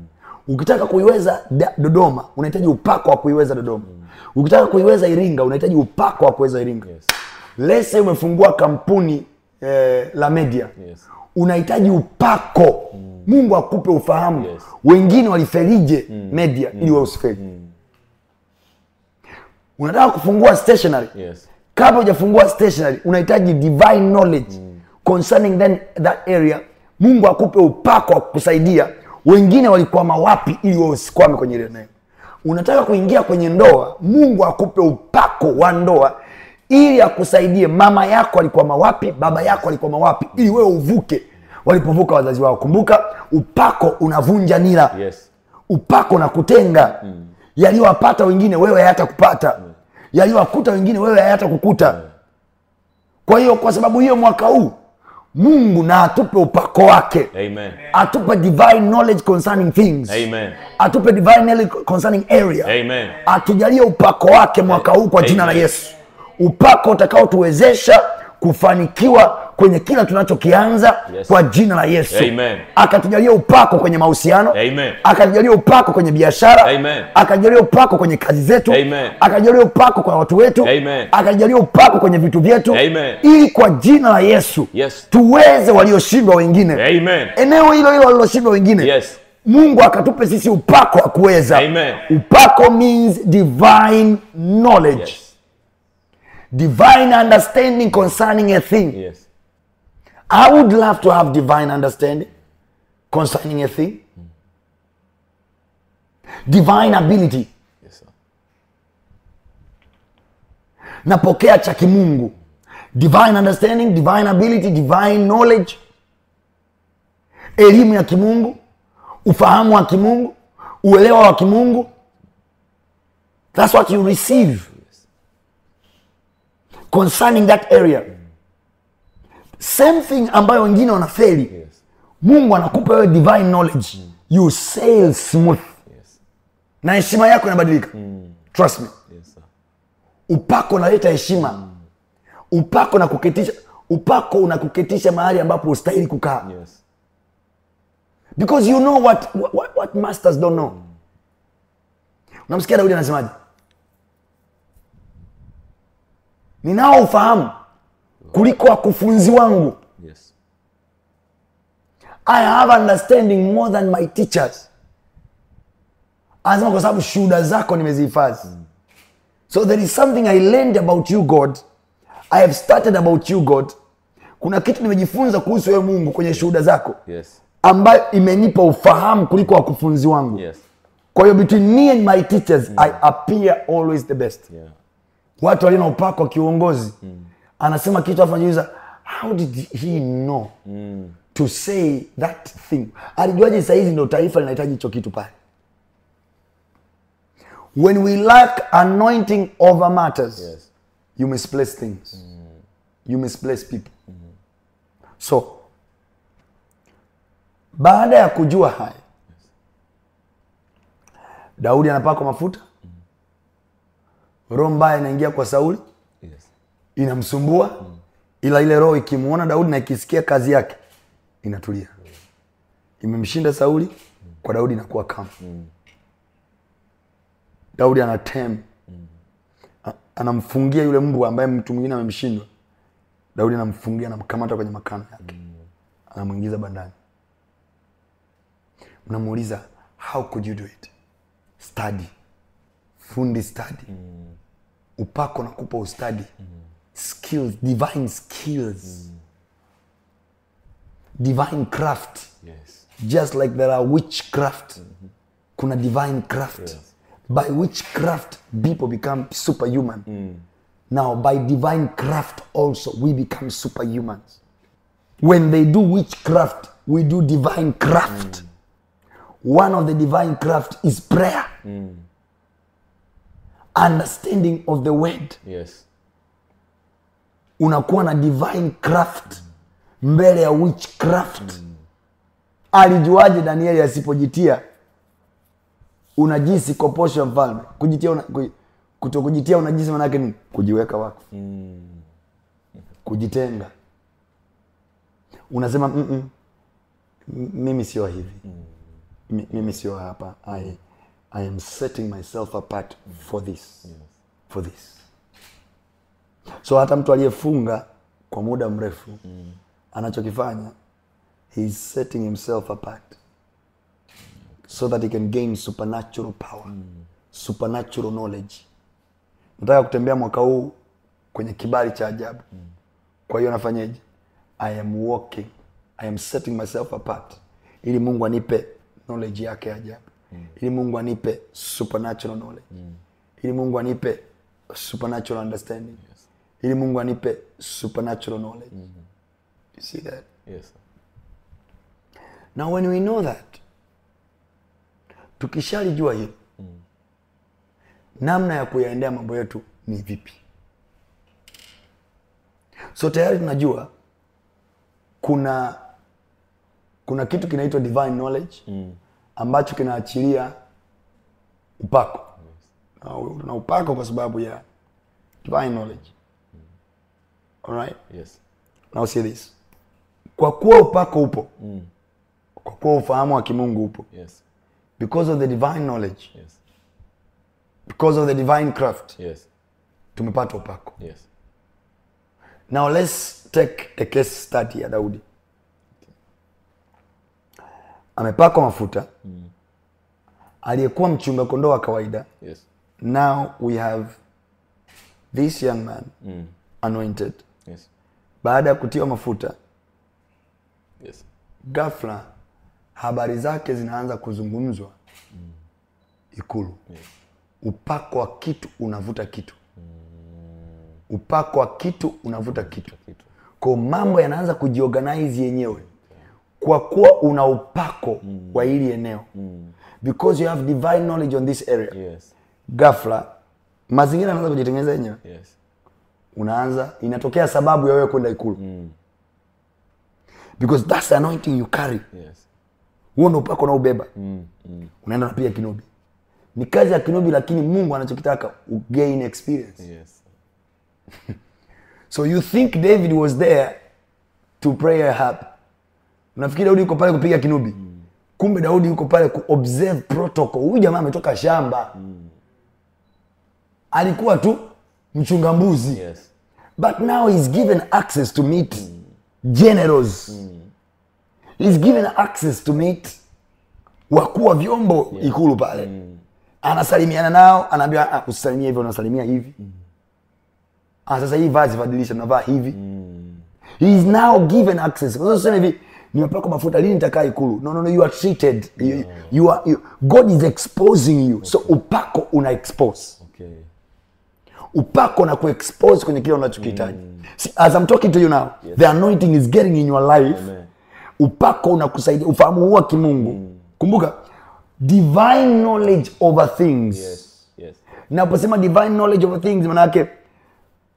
A: Ukitaka kuiweza Dodoma unahitaji upako wa kuiweza Dodoma. Ukitaka kuiweza Iringa unahitaji upako wa kuweza Iringa. Yes. Lese umefungua kampuni eh, la media. Yes. Unahitaji upako. Mm. Mungu akupe ufahamu. Yes. Wengine waliferije mm. media mm. ili wewe Mm. Unataka kufungua stationery. Yes. Kabla hujafungua stationery unahitaji divine knowledge mm. concerning then that area. Mungu akupe upako wa kukusaidia wengine walikwama wapi ili usikwame kwenye ile neno. Unataka kuingia kwenye ndoa, Mungu akupe upako wa ndoa ili akusaidie. Mama yako alikwama wapi? Baba yako alikwama wapi? Ili wewe uvuke walipovuka wazazi wao. Kumbuka, upako unavunja nira. Yes. Upako unakutenga. Mm. Yaliyowapata wengine wewe hayatakupata. Mm. Yaliyowakuta wengine wewe hayatakukuta. Mm. Kwa hiyo, kwa sababu hiyo, mwaka huu mungu na atupe upako wake Amen. atupe divine knowledge concerning things Amen. atupe divine knowledge concerning area Amen. atujalie upako wake mwaka huu kwa jina Amen. la yesu upako utakaotuwezesha kufanikiwa kwenye kila tunachokianza yes. kwa jina la Yesu akatujalia upako kwenye mahusiano akatujalia upako kwenye biashara akajalia upako kwenye kazi zetu akajalia upako kwa watu wetu akajalia upako kwenye vitu vyetu ili kwa jina la Yesu yes. tuweze walioshindwa wengine eneo hilo hilo waliloshindwa wengine yes. Mungu akatupe sisi upako wa kuweza. Upako means divine knowledge yes. divine understanding concerning a thing yes. I would love to have divine understanding concerning a thing. Divine ability. Yes, sir. Napokea cha kimungu. Divine understanding, divine ability, divine knowledge. Elimu ya kimungu, ufahamu wa kimungu, uelewa wa kimungu. That's what you receive concerning that area same thing ambayo wengine wanafeli yes. mungu anakupa wewe divine knowledge mm. you sail smooth yes. na heshima yako inabadilika mm. trust me yes, upako unaleta heshima mm. upako na kuketisha upako unakuketisha mahali ambapo ustahili kukaa yes. because you know what, what, what masters don't know mm. unamsikia daudi anasemaji ninao ufahamu kuliko wakufunzi wangu yes. I have understanding more than my teachers. Anasema kwa sababu shuhuda zako nimezihifadhi. mm. So there is something I learned about you God. I have started about you God. Kuna kitu nimejifunza kuhusu wewe Mungu kwenye shuhuda zako yes. ambayo imenipa ufahamu kuliko wakufunzi wangu yes. Kwa hiyo between me and my teachers mm. I appear always the best yeah. Watu walio na upako wa kiuongozi mm anasema kitu afu anajiuliza how did he know mm. to say that thing alijuaje sahizi ndo taifa linahitaji hicho kitu pale when we lack anointing over matters yes. you misplace things mm. you misplace people mm -hmm. so baada ya kujua haya daudi anapakwa mafuta mm. roho mbaya inaingia kwa sauli yes inamsumbua ila ile roho ikimuona Daudi na ikisikia kazi yake inatulia imemshinda Sauli kwa Daudi inakuwa kama Daudi anatem anamfungia yule mbwa ambaye mtu mwingine amemshindwa Daudi anamfungia anamkamata kwenye makano yake anamwingiza bandani mnamuuliza how could you do it study fundi study upako nakupa ustadi mm skills divine skills mm. divine craft yes. just like there are witchcraft mm-hmm. kuna divine craft yes. by witchcraft people become superhuman mm. now by divine craft also we become superhumans when they do witchcraft we do divine craft mm. one of the divine craft is prayer mm. understanding of the word yes unakuwa na divine craft mbele ya witchcraft mm. alijuaje danieli asipojitia unajisi koposho ya mfalme kujitia una, kuj, kuto kujitia unajisi manake nini kujiweka wakfu mm. kujitenga unasema Mm-mm. mimi sio hivi mm. mimi sio hapa I, i am setting myself apart for this yes. for this so hata mtu aliyefunga kwa muda mrefu mm. anachokifanya he setting himself apart so that he can gain supernatural power mm. supernatural knowledge nataka kutembea mwaka huu kwenye kibali cha ajabu mm. kwa hiyo nafanyeje i am walking i am setting myself apart ili mungu anipe knowledge yake ajabu mm. ili mungu anipe supernatural knowledge mm. ili mungu anipe supernatural understanding mm ili Mungu anipe supernatural knowledge. Mm -hmm. You see that? Yes. Now when we know that, tukishalijua hilo mm. namna ya kuyaendea mambo yetu ni vipi? So tayari tunajua kuna kuna kitu kinaitwa divine knowledge mm. ambacho kinaachilia upako yes. na upako kwa sababu ya divine knowledge
B: All right? Yes.
A: Now see this. Kwa kuwa upako upo. Mm. Kwa kuwa ufahamu wa kimungu upo. Yes. Because of the divine knowledge. Yes. Because of the divine craft. Yes. Tumepata upako. Yes. Now let's take a case study ya Daudi. Amepakwa mafuta. Mm. Aliyekuwa mchunga kondoo wa kawaida. Yes. Now we have this young man mm. anointed yes. baada ya kutiwa mafuta yes. gafla habari zake zinaanza kuzungumzwa mm. Ikulu yes. Upako wa kitu unavuta kitu mm. Upako wa kitu unavuta kitu, kitu. mambo yanaanza kujiorganize yenyewe kwa kuwa una upako mm. wa hili eneo mm. because you have divine knowledge on this area yes. gafla mazingira yanaanza kujitengeneza yenyewe yes unaanza inatokea sababu ya wewe kwenda ikulu mm. because that's the anointing you carry yes. huo ndo upako unaobeba mm. mm. unaenda napiga kinobi ni kazi ya kinobi lakini mungu anachokitaka ugain experience yes. <laughs> so you think david was there to pray Ahab. unafikiri Daudi yuko pale kupiga kinubi. Mm. Kumbe Daudi yuko pale kuobserve protocol. Huyu jamaa ametoka shamba. Mm. Alikuwa tu mchunga mbuzi. Yes but now he's given access to meet mm. generals mm. he's given access to meet wakuu wa vyombo yeah. ikulu pale mm. anasalimiana nao anaambia ah, usisalimia hivyo unasalimia hivi mm. ah, sasa hii vazi badilisha mnavaa hivi mm. he's now given access kwa sasa hivi nimepakwa mafuta lini nitakaa ikulu no, no, no, you are treated yeah. you, you are, you, god is exposing you okay. so upako una expose upako na kuexpose kwenye kile unachokihitaji mm. See, as I'm talking to you now yes. the anointing is getting in your life Amen. upako unakusaidia ufahamu huu wa kimungu mm. kumbuka divine knowledge over things yes. Yes. naposema divine knowledge over things manayake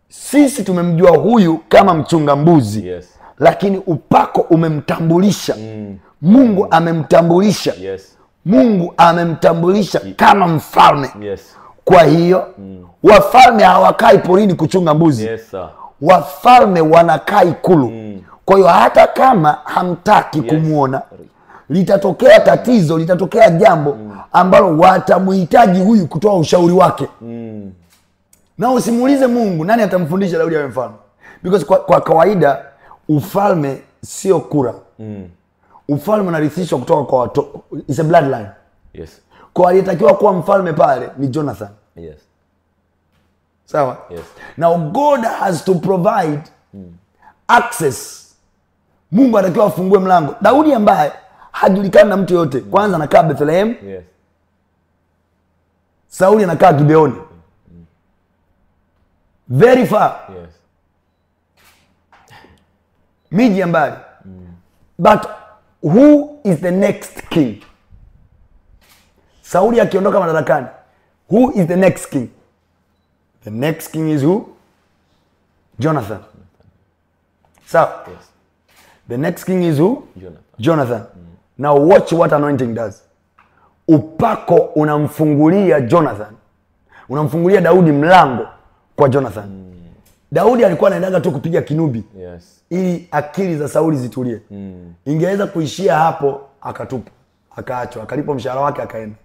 A: sisi tumemjua huyu kama mchunga mbuzi yes. lakini upako umemtambulisha mm. mungu amemtambulisha yes. mungu amemtambulisha yes. kama mfalme yes. kwa hiyo mm Wafalme hawakai porini kuchunga mbuzi. Yes, Wafalme wanakaa ikulu. Mm. Kwa hiyo hata kama hamtaki yes, kumwona litatokea tatizo, litatokea jambo mm. ambalo watamhitaji huyu kutoa ushauri wake mm. na usimuulize Mungu nani atamfundisha Daudi awe mfalme, because kwa, kwa kawaida ufalme sio kura mm. Ufalme unarithishwa kutoka kwa watu, it's a bloodline. Yes. Kwa aliyetakiwa kuwa mfalme pale ni Jonathan. Yes sawa yes. now god has to provide mm. access mungu anatakiwa afungue mlango daudi ambaye hajulikani na mtu yoyote kwanza anakaa bethlehem yes. sauli anakaa gibeoni very far yes. miji ya mbali mm. but who is the next king sauli akiondoka madarakani who is the next king The next king is who? Jonathan. So, yes. the next king is who? Jonathan. Jonathan. Mm. Now watch what anointing does. Upako unamfungulia Jonathan, unamfungulia Daudi mlango kwa Jonathan. Mm. Daudi alikuwa anaendaga tu kupiga kinubi yes, ili akili za Sauli zitulie. Mm. Ingeweza kuishia hapo, akatupa, akaachwa, akalipwa mshahara wake, akaenda.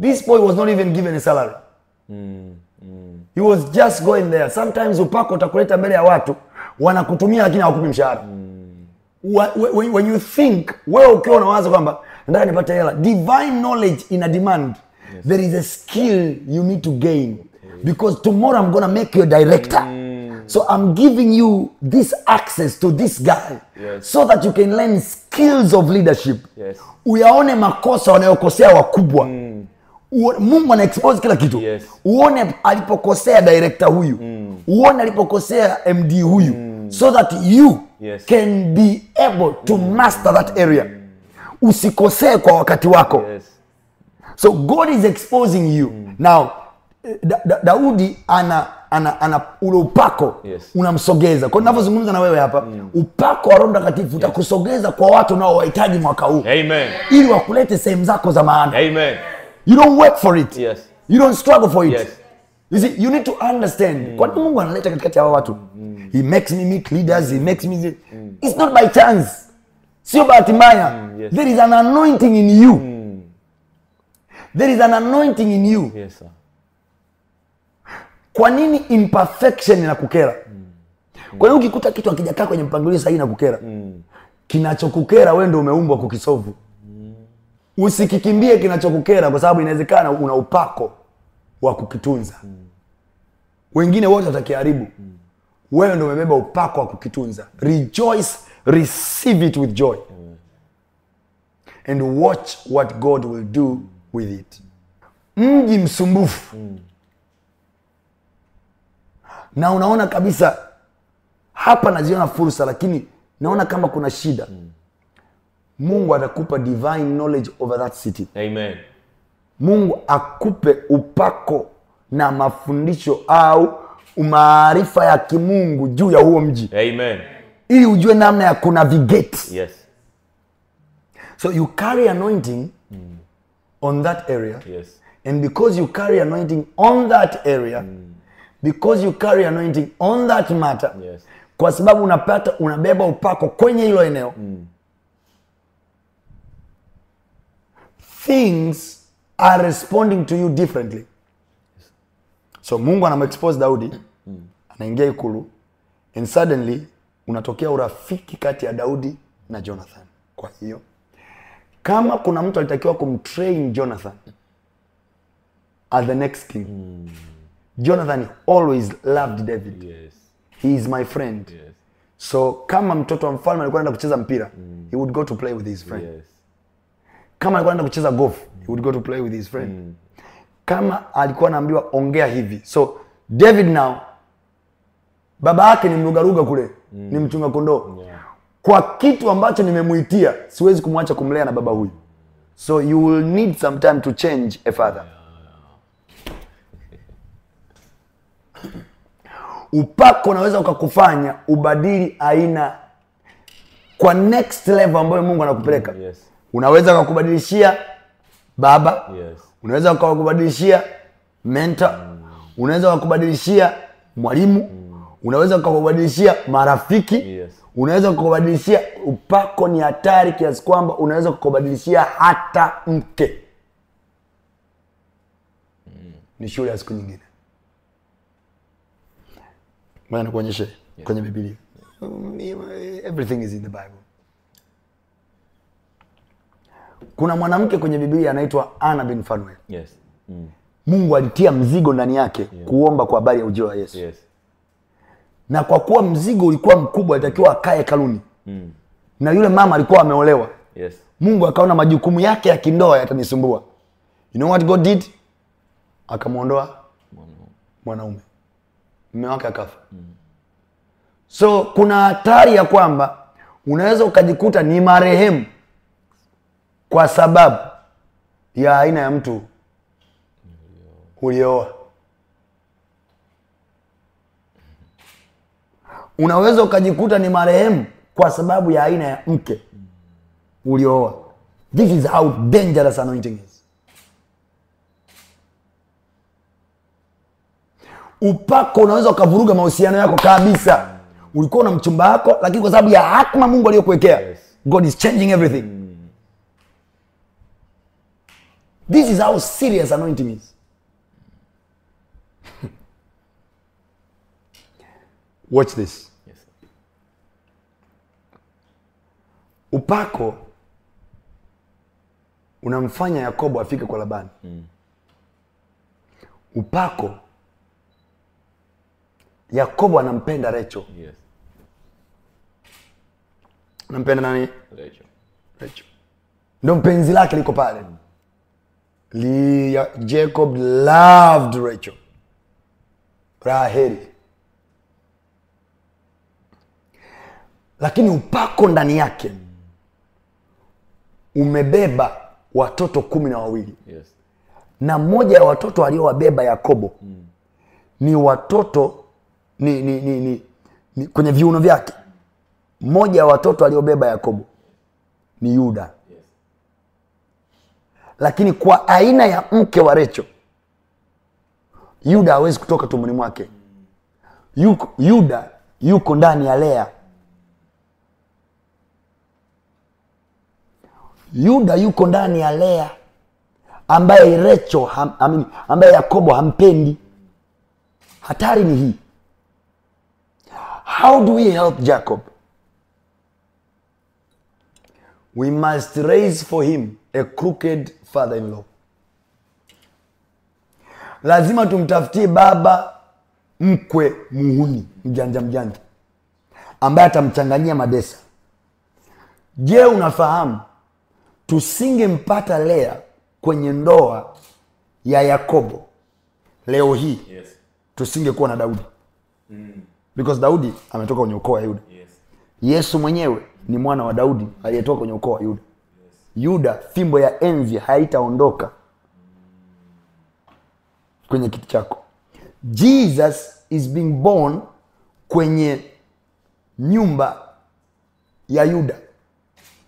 A: This boy was not even given a salary. Mm. Mm. He was just going there. Sometimes upako utakuleta mbele ya watu wanakutumia lakini hawakupi mshahara. Mm. When, you think wewe ukiwa unawaza kwamba nataka nipate hela, divine knowledge ina demand. Yes. There is a skill you need to gain okay. because tomorrow I'm gonna make you a director. Mm. So I'm giving you this access to this guy yes. so that you can learn skills of leadership. Yes. Uyaone makosa wanayokosea wakubwa. Mm uone, Mungu ana expose kila kitu yes. Uone alipokosea director huyu mm. Uone alipokosea MD huyu mm. so that you yes. can be able to mm. master that area. Mm. Usikosee kwa wakati wako yes. So God is exposing you mm. Now eh, da, da, Daudi ana ana, ana ule upako yes. unamsogeza kwao. navyozungumza na wewe hapa mm. upako wa Roho Mtakatifu utakusogeza yes. kwa watu unaowahitaji mwaka huu, ili wakulete sehemu zako za maana, amen you don't work for it yes. you don't struggle for it yes. you see you need to understand mm. kwani mungu analeta katikati ya watu mm. he makes me meet leaders he makes me mm. it's not by chance sio bahati mbaya mm, yes. there is an anointing in you mm. there is an anointing in you yes, sir. kwa nini imperfection inakukera mm. kwa hiyo ukikuta kitu akijakaa kwenye mpangilio sahihi inakukera mm. kinachokukera wewe ndio umeumbwa kukisovu mm usikikimbie kinachokukera kwa sababu inawezekana una upako wa kukitunza mm. wengine wote watakiharibu mm. wewe ndo umebeba upako wa kukitunza rejoice receive it with joy mm. and watch what god will do with it mji msumbufu mm. na unaona kabisa hapa naziona fursa lakini naona kama kuna shida mm mungu atakupa divine knowledge over that city Amen. mungu akupe upako na mafundisho au maarifa ya kimungu juu ya huo mji Amen. ili ujue namna ya kuna kunavigate yes. so you carry anointing mm. on that area yes. and because you carry anointing on that area mm. because you carry anointing on that matter yes. kwa sababu unapata unabeba upako kwenye hilo eneo mm things are responding to you differently so mungu anamexpose daudi mm. anaingia ikulu and suddenly unatokea urafiki kati ya daudi na jonathan kwa hiyo kama kuna mtu alitakiwa kumtrain jonathan as the next king mm. jonathan always loved david yes. he is my friend yes. so kama mtoto wa mfalme alikuwa anaenda kucheza mpira mm. he would go to play with his friend yes kama alikuwa anaenda kucheza golf he would go to play with his friend mm. kama alikuwa anaambiwa ongea hivi so david now baba yake ni mlugaruga kule mm. ni mchunga kondoo yeah. kwa kitu ambacho nimemuitia siwezi kumwacha kumlea na baba huyu so you will need some time to change a father upako unaweza ukakufanya ubadili aina kwa next level ambayo mungu anakupeleka mm, yes unaweza kakubadilishia baba yes. unaweza kakubadilishia mentor mm. unaweza kakubadilishia mwalimu mm. unaweza kakubadilishia marafiki yes. unaweza kakubadilishia upako ni hatari kiasi kwamba unaweza kakubadilishia hata mke mm. ni shule ya siku nyingine nikuonyeshe yeah. kwenye bibilia yeah. everything is in the bible kuna mwanamke kwenye Biblia anaitwa Ana bin Fanuel.
B: Yes. Mm.
A: Mungu alitia mzigo ndani yake yeah. kuomba kwa habari ya ujio wa Yesu. Yes. Na kwa kuwa mzigo ulikuwa mkubwa alitakiwa akae kaluni. Mm. Na yule mama alikuwa ameolewa. Yes. Mungu akaona majukumu yake ya kindoa yatanisumbua. You know what God did? Akamwondoa mwanaume. mme wake akafa. Mm. So kuna hatari ya kwamba unaweza ukajikuta ni marehemu kwa sababu ya aina ya mtu ulioa. Unaweza ukajikuta ni marehemu kwa sababu ya aina ya mke ulioa. This is how dangerous anointing is. Upako unaweza ukavuruga mahusiano yako kabisa. Ulikuwa na mchumba wako, lakini kwa sababu ya hakma Mungu aliyokuwekea, God is changing everything. This is how serious anointing is. <laughs> Watch this. Yes, Upako unamfanya Yakobo afike kwa Labani. Mm. Upako Yakobo anampenda recho Yes. Anampenda nani? recho Rachel. Ndio mpenzi lake liko pale. Mm. Leah, Jacob loved Rachel. Rahel. Lakini upako ndani yake umebeba watoto kumi na wawili yes. Na mmoja ya watoto aliyowabeba Yakobo mm. ni watoto ni, ni, ni, ni, ni kwenye viuno vyake, mmoja ya watoto aliyobeba Yakobo ni Yuda lakini kwa aina ya mke wa recho yuda hawezi kutoka tumboni mwake yuko, yuda yuko ndani ya lea yuda yuko ndani ya lea ambaye recho ham, ambaye yakobo hampendi hatari ni hii how do we help jacob we must raise for him a crooked father in law. Lazima tumtafutie baba mkwe muhuni, mjanja mjanja, ambaye atamchanganyia madesa. Je, unafahamu tusingempata Lea kwenye ndoa ya Yakobo leo hii yes. Tusingekuwa na Daudi mm. Because Daudi ametoka kwenye ukoo wa Yuda yes. Yesu mwenyewe ni mwana wa Daudi aliyetoka kwenye ukoo wa Yuda Yuda fimbo ya enzi haitaondoka kwenye kiti chako. Jesus is being born kwenye nyumba ya Yuda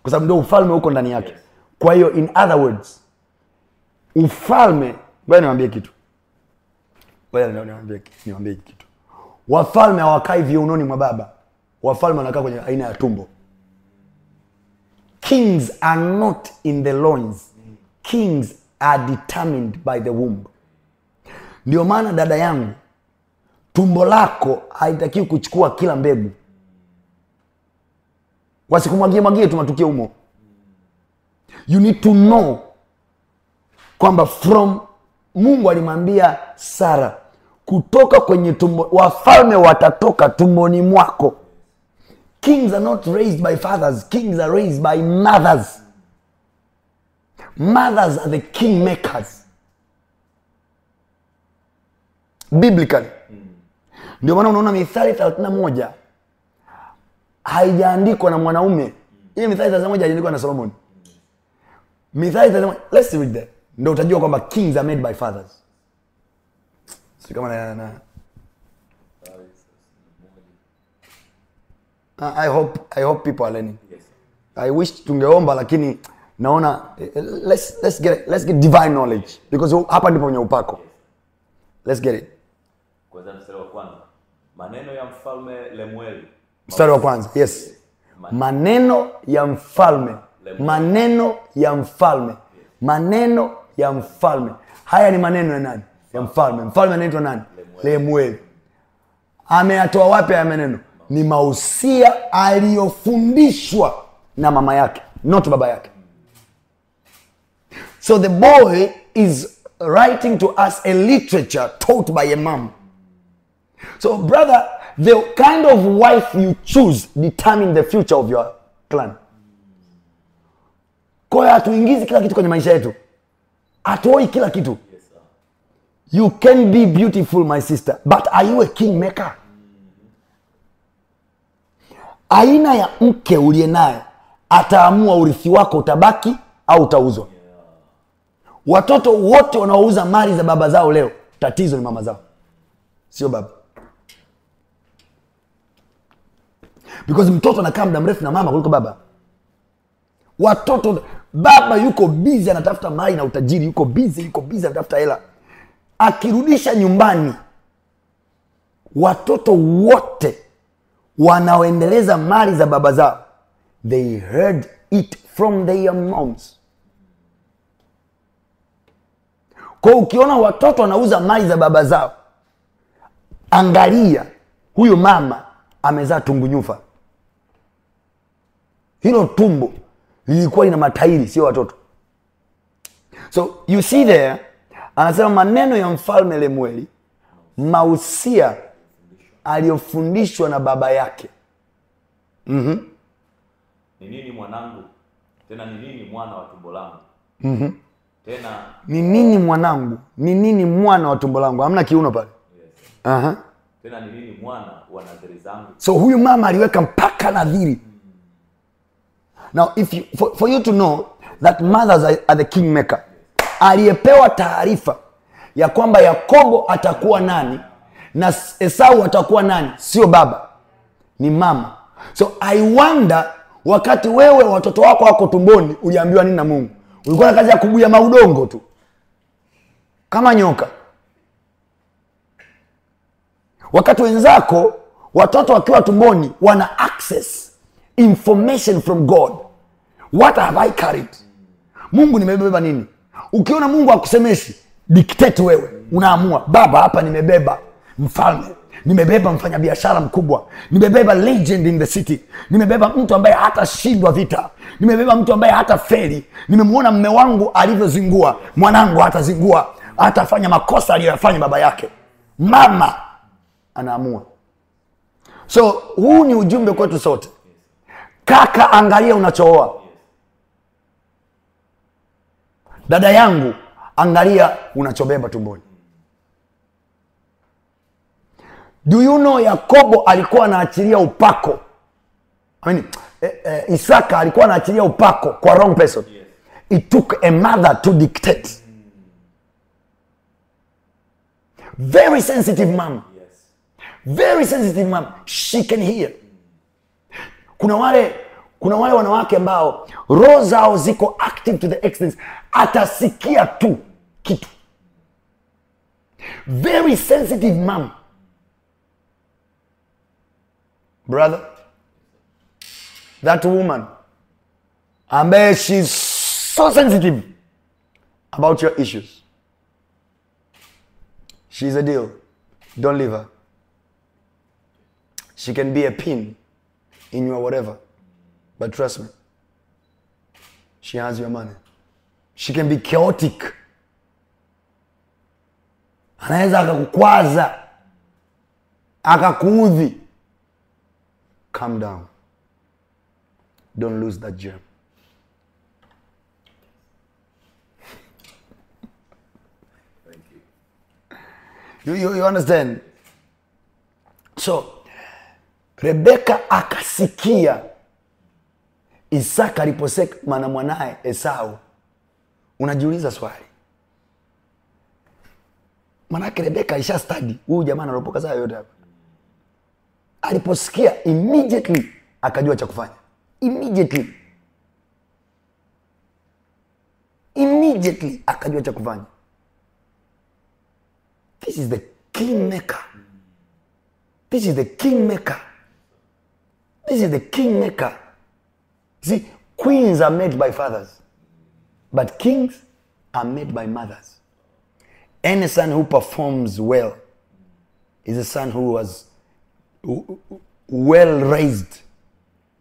A: kwa sababu ndio ufalme huko ndani yake. Kwa hiyo in other words, ufalme, bwana, niwaambie kitu, ngoja niwaambie kitu. Wafalme hawakai viunoni mwa baba, wafalme wanakaa kwenye aina ya tumbo. Kings are not in the loins. Kings are determined by the womb. Ndio maana dada yangu, tumbo lako haitakiwi kuchukua kila mbegu, wasikumwagie mwagie tu humo. You need to know kwamba from Mungu alimwambia Sara, kutoka kwenye tumbo, wafalme watatoka tumboni mwako. Kings are not raised by fathers, kings are raised by mothers. Mothers are the king makers biblically. Ndio maana unaona Mithali 31 haijaandikwa na mwanaume. Ile Mithali 31 haijaandikwa na Solomon. Mithali 31, let's read that. Ndio utajua kwamba kings are made by fathers. Sio kama na, na, na I hope, I hope people are learning. Yes. I wish tungeomba lakini naona eh, let's, let's, get, let's get divine knowledge because hapa ndipo kwenye upako. Let's get it.
B: Kwanza mstari wa kwanza. Maneno ya mfalme Lemuel.
A: Mstari wa kwanza. Yes. Maneno ya mfalme. Maneno ya mfalme. Maneno ya mfalme. Haya ni maneno ya nani? Ya mfalme. Mfalme anaitwa nani? Lemueli. Lemueli. Ameyatoa wapi haya maneno? ni mausia aliyofundishwa na mama yake not baba yake so the boy is writing to us a literature taught by a mom so brother the kind of wife you choose determine the future of your clan kwayo hatuingizi kila kitu kwenye maisha yetu hatuoi kila kitu you can be beautiful my sister but are you a king maker aina ya mke uliye nayo ataamua urithi wako utabaki au utauzwa. Watoto wote wanaouza mali za baba zao leo, tatizo ni mama zao, sio baba, because mtoto anakaa muda mrefu na mama kuliko baba. Watoto baba yuko bizi anatafuta mali na utajiri, yuko bizi, yuko bizi anatafuta hela, akirudisha nyumbani watoto wote wanaoendeleza mali za baba zao they heard it from their moms kwa ukiona watoto wanauza mali za baba zao angalia huyu mama amezaa tungunyufa hilo tumbu lilikuwa lina matairi sio watoto so you see there anasema maneno ya mfalme lemweli mausia aliyofundishwa na baba yake. mm-hmm.
B: ni nini mwanangu, tena ni nini mwana wa tumbo langu? mm-hmm. tena
A: ni nini mwanangu, ni nini mwana wa tumbo langu? Hamna kiuno pale. yes. uh-huh.
B: tena ni nini mwana wa nadhiri zangu? So
A: huyu mama aliweka mpaka nadhiri. Mm. Now if you, for, for you to know that mothers are, are the king maker. Aliyepewa taarifa ya kwamba Yakobo atakuwa nani na Esau atakuwa nani? Sio baba, ni mama. So I wonder wakati wewe watoto wako wako tumboni uliambiwa nini na Mungu? Ulikuwa na kazi ya kubuya maudongo tu kama nyoka. Wakati wenzako watoto wakiwa tumboni wana access information from God. What have I carried? Mungu nimebeba nini? Ukiona Mungu akusemeshi, dikteti wewe, unaamua baba, hapa nimebeba mfalme nimebeba mfanyabiashara mkubwa, nimebeba legend in the city, nimebeba mtu ambaye hatashindwa vita, nimebeba mtu ambaye hata feri. Nimemwona mme wangu alivyozingua, mwanangu atazingua hatafanya makosa aliyoyafanya baba yake. Mama anaamua. So huu ni ujumbe kwetu sote. Kaka, angalia unachooa. Dada yangu, angalia unachobeba tumboni. do you know yakobo alikuwa anaachilia upako I mean, eh, eh, isaka alikuwa anaachilia upako kwa wrong person yes. it took a mother to dictate very sensitive mama yes. very sensitive mama she can hear kuna wale kuna wale wanawake ambao roho zao ziko active to the extent atasikia tu kitu very sensitive mama brother that woman ambaye she's so sensitive about your issues she's a deal don't leave her she can be a pin in your whatever but trust me she has your money she can be chaotic anaweza akakukwaza akakuudhi Calm down. Don't lose that gem. Thank you. You, you, you understand? So, Rebecca akasikia Isaka aliposema na Esau. Unajiuliza swali, manake Rebecca isha study. huyu jamaa analopoka saa yote hapa aliposikia immediately akajua cha kufanya immediately immediately akajua cha kufanya this is the king maker this is the king maker this is the king maker see queens are made by fathers but kings are made by mothers any son who performs well is a son who was well raised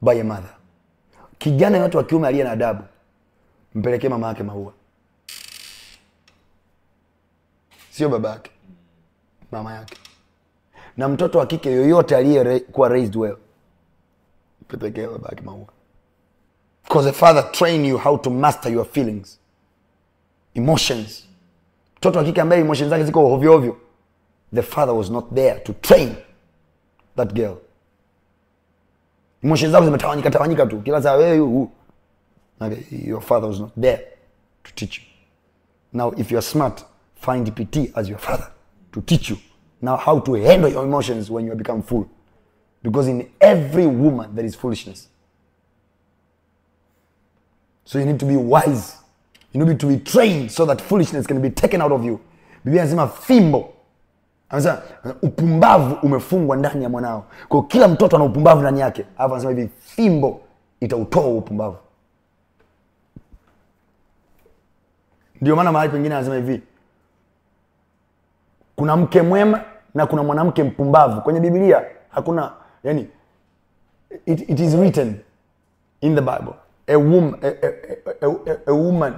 A: by a mother. Kijana yote wa kiume aliye na adabu mpelekee mama yake maua, sio baba yake, mama yake. Na mtoto wa kike yoyote aliyekuwa raised well mpelekee baba yake maua, because a father train you how to master your feelings emotions. Mtoto wa kike ambaye emotions zake ziko hovyo hovyo, the father was not there to train that girl. Emotions zangu zimetawanyika tawanyika tu kila saa, wewe huu. okay, your father was not there to teach you. Now if you are smart, find PT as your father to teach you now how to handle your emotions when you become full, because in every woman there is foolishness. So you need to be wise. You need to be trained so that foolishness can be taken out of you. Biblia inasema fimbo anasema eh, upumbavu umefungwa ndani ya mwanao kwa kila mtoto ana upumbavu ndani yake alafu anasema hivi fimbo itautoa upumbavu ndio maana mahali pengine anasema hivi kuna mke mwema na kuna mwanamke mpumbavu kwenye biblia hakuna yani it, it is written in the bible a, woman, a, a, a, a, a woman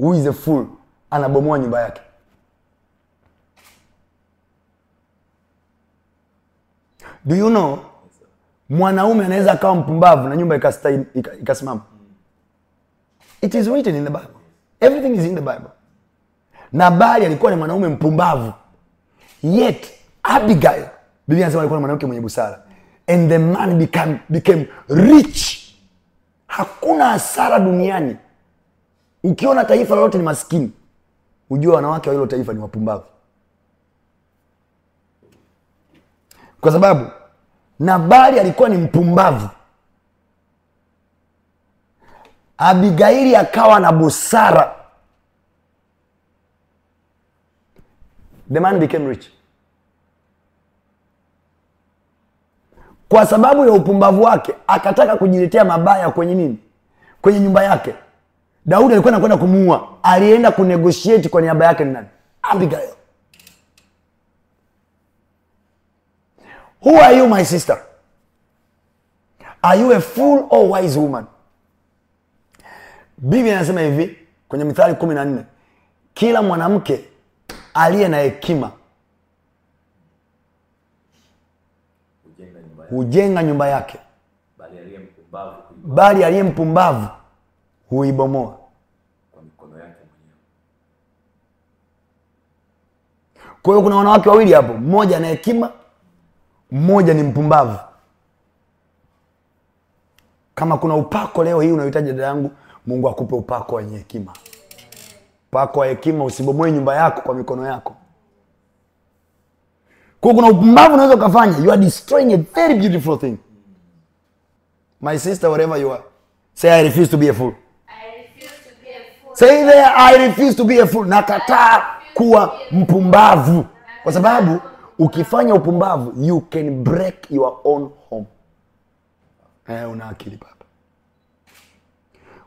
A: who is a fool anabomoa nyumba yake do you know mwanaume anaweza akawa mpumbavu na nyumba ikasimama it is written in the bible everything is in the bible na bali alikuwa ni mwanaume mpumbavu yet abigail biblia anasema alikuwa ni mwanamke mwenye busara and the man became, became rich hakuna hasara duniani ukiona taifa lolote ni maskini ujua wanawake wa hilo taifa ni wapumbavu kwa sababu Nabali alikuwa ni mpumbavu, Abigaili akawa na busara. The man became rich kwa sababu ya upumbavu wake, akataka kujiletea mabaya kwenye nini, kwenye nyumba yake. Daudi alikuwa nakwenda kumuua, alienda kunegotiate kwa niaba yake ni nani? Abigail. Who are you, my sister? Are you a fool or wise woman? Biblia inasema hivi kwenye Mithali 14 kila mwanamke aliye na hekima hujenga nyumba yake, bali aliye mpumbavu huibomoa
B: kwa mikono yake mwenyewe.
A: Kwa hiyo kuna wanawake wawili hapo, mmoja ana hekima mmoja ni mpumbavu. Kama kuna upako leo hii unahitaji dada yangu, Mungu akupe upako wenye hekima, upako wa hekima. Usibomoe nyumba yako kwa mikono yako. Kwa kuna upumbavu unaweza ukafanya, you are destroying a very beautiful thing. My sister, wherever you are, say I refuse to be a fool. Say there, I refuse to be a fool. Nakataa kuwa mpumbavu kwa sababu ukifanya upumbavu you can break your own home eh, una akili baba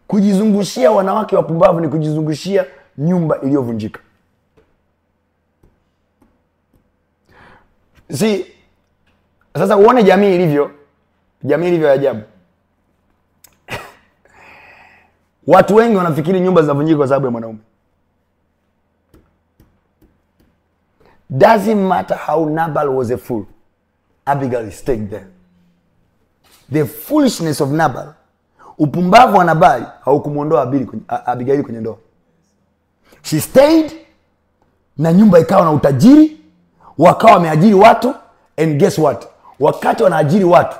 A: kujizungushia wanawake wapumbavu ni kujizungushia nyumba iliyovunjika si sasa uone jamii ilivyo jamii ilivyo ya ajabu <laughs> watu wengi wanafikiri nyumba zinavunjika kwa sababu ya mwanaume Doesn't matter how Nabal was a fool, Abigail stayed there. The foolishness of Nabal, upumbavu wa Nabali haukumwondoa Abigail kwenye ndoa. She stayed na nyumba ikawa na utajiri, wakawa wameajiri watu and guess what, wakati wanaajiri watu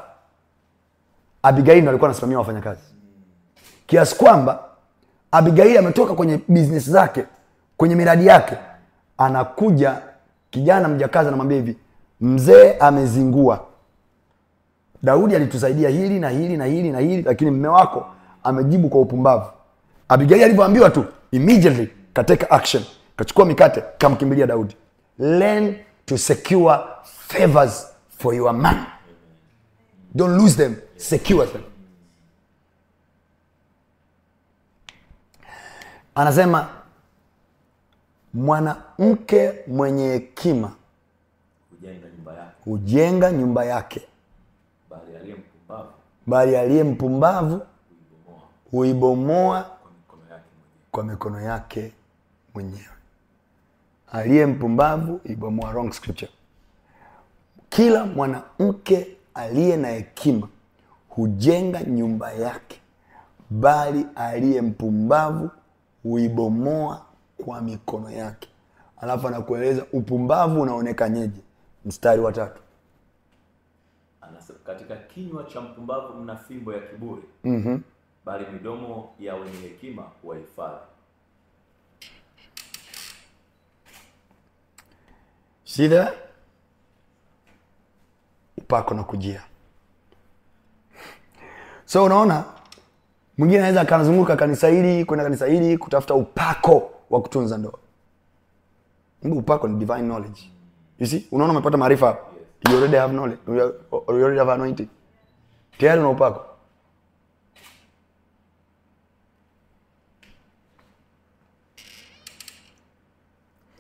A: Abigaili ndo alikuwa anasimamia wafanyakazi, kiasi kwamba abigail ametoka kwenye business zake, kwenye miradi yake, anakuja kijana mjakazi anamwambia hivi, mzee amezingua. Daudi alitusaidia hili na hili na hili na hili, lakini mme wako amejibu kwa upumbavu. Abigaili alivyoambiwa tu, immediately kateka action, kachukua mikate, kamkimbilia Daudi. Learn to secure favors for your man, don't lose them, secure them. Anasema mwanamke mwenye hekima hujenga nyumba yake, Bali aliye mpumbavu huibomoa kwa mikono yake mwenyewe. Aliye mpumbavu ibomoa, wrong scripture. Kila mwanamke aliye na hekima hujenga nyumba yake, bali aliye mpumbavu huibomoa kwa mikono yake, alafu anakueleza upumbavu unaonekanyeje. Mstari wa tatu
B: katika kinywa cha mpumbavu mna fimbo ya kiburi mm -hmm. bali midomo ya wenye hekima wahifadhi
A: shida upako na kujia. So unaona mwingine anaweza akanazunguka kanisa hili kwenda kanisa hili kutafuta upako wa kutunza ndoa. Mungu upako ni divine knowledge. You see? Unaona umepata maarifa hapo. You already have knowledge. You already have anointing. Tayari una upako.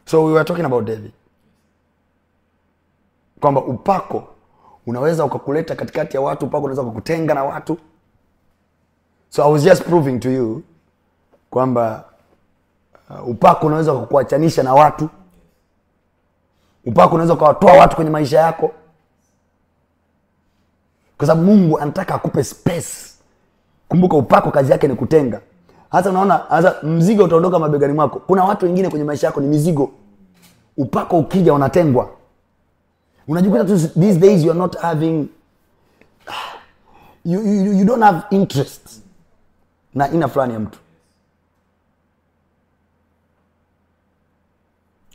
A: So we were talking about David. Kwamba upako unaweza ukakuleta katikati ya watu, upako unaweza kukutenga na watu. So I was just proving to you kwamba Uh, upako unaweza kukuachanisha na watu. Upako unaweza ukawatoa watu kwenye maisha yako, kwa sababu Mungu anataka akupe space. Kumbuka upako kazi yake ni kutenga. Hasa unaona, hasa mzigo utaondoka mabegani mwako. Kuna watu wengine kwenye maisha yako ni mizigo. Upako ukija unatengwa, unajikuta tu these days you are not having ah, you, you, you don't have interest na ina fulani ya mtu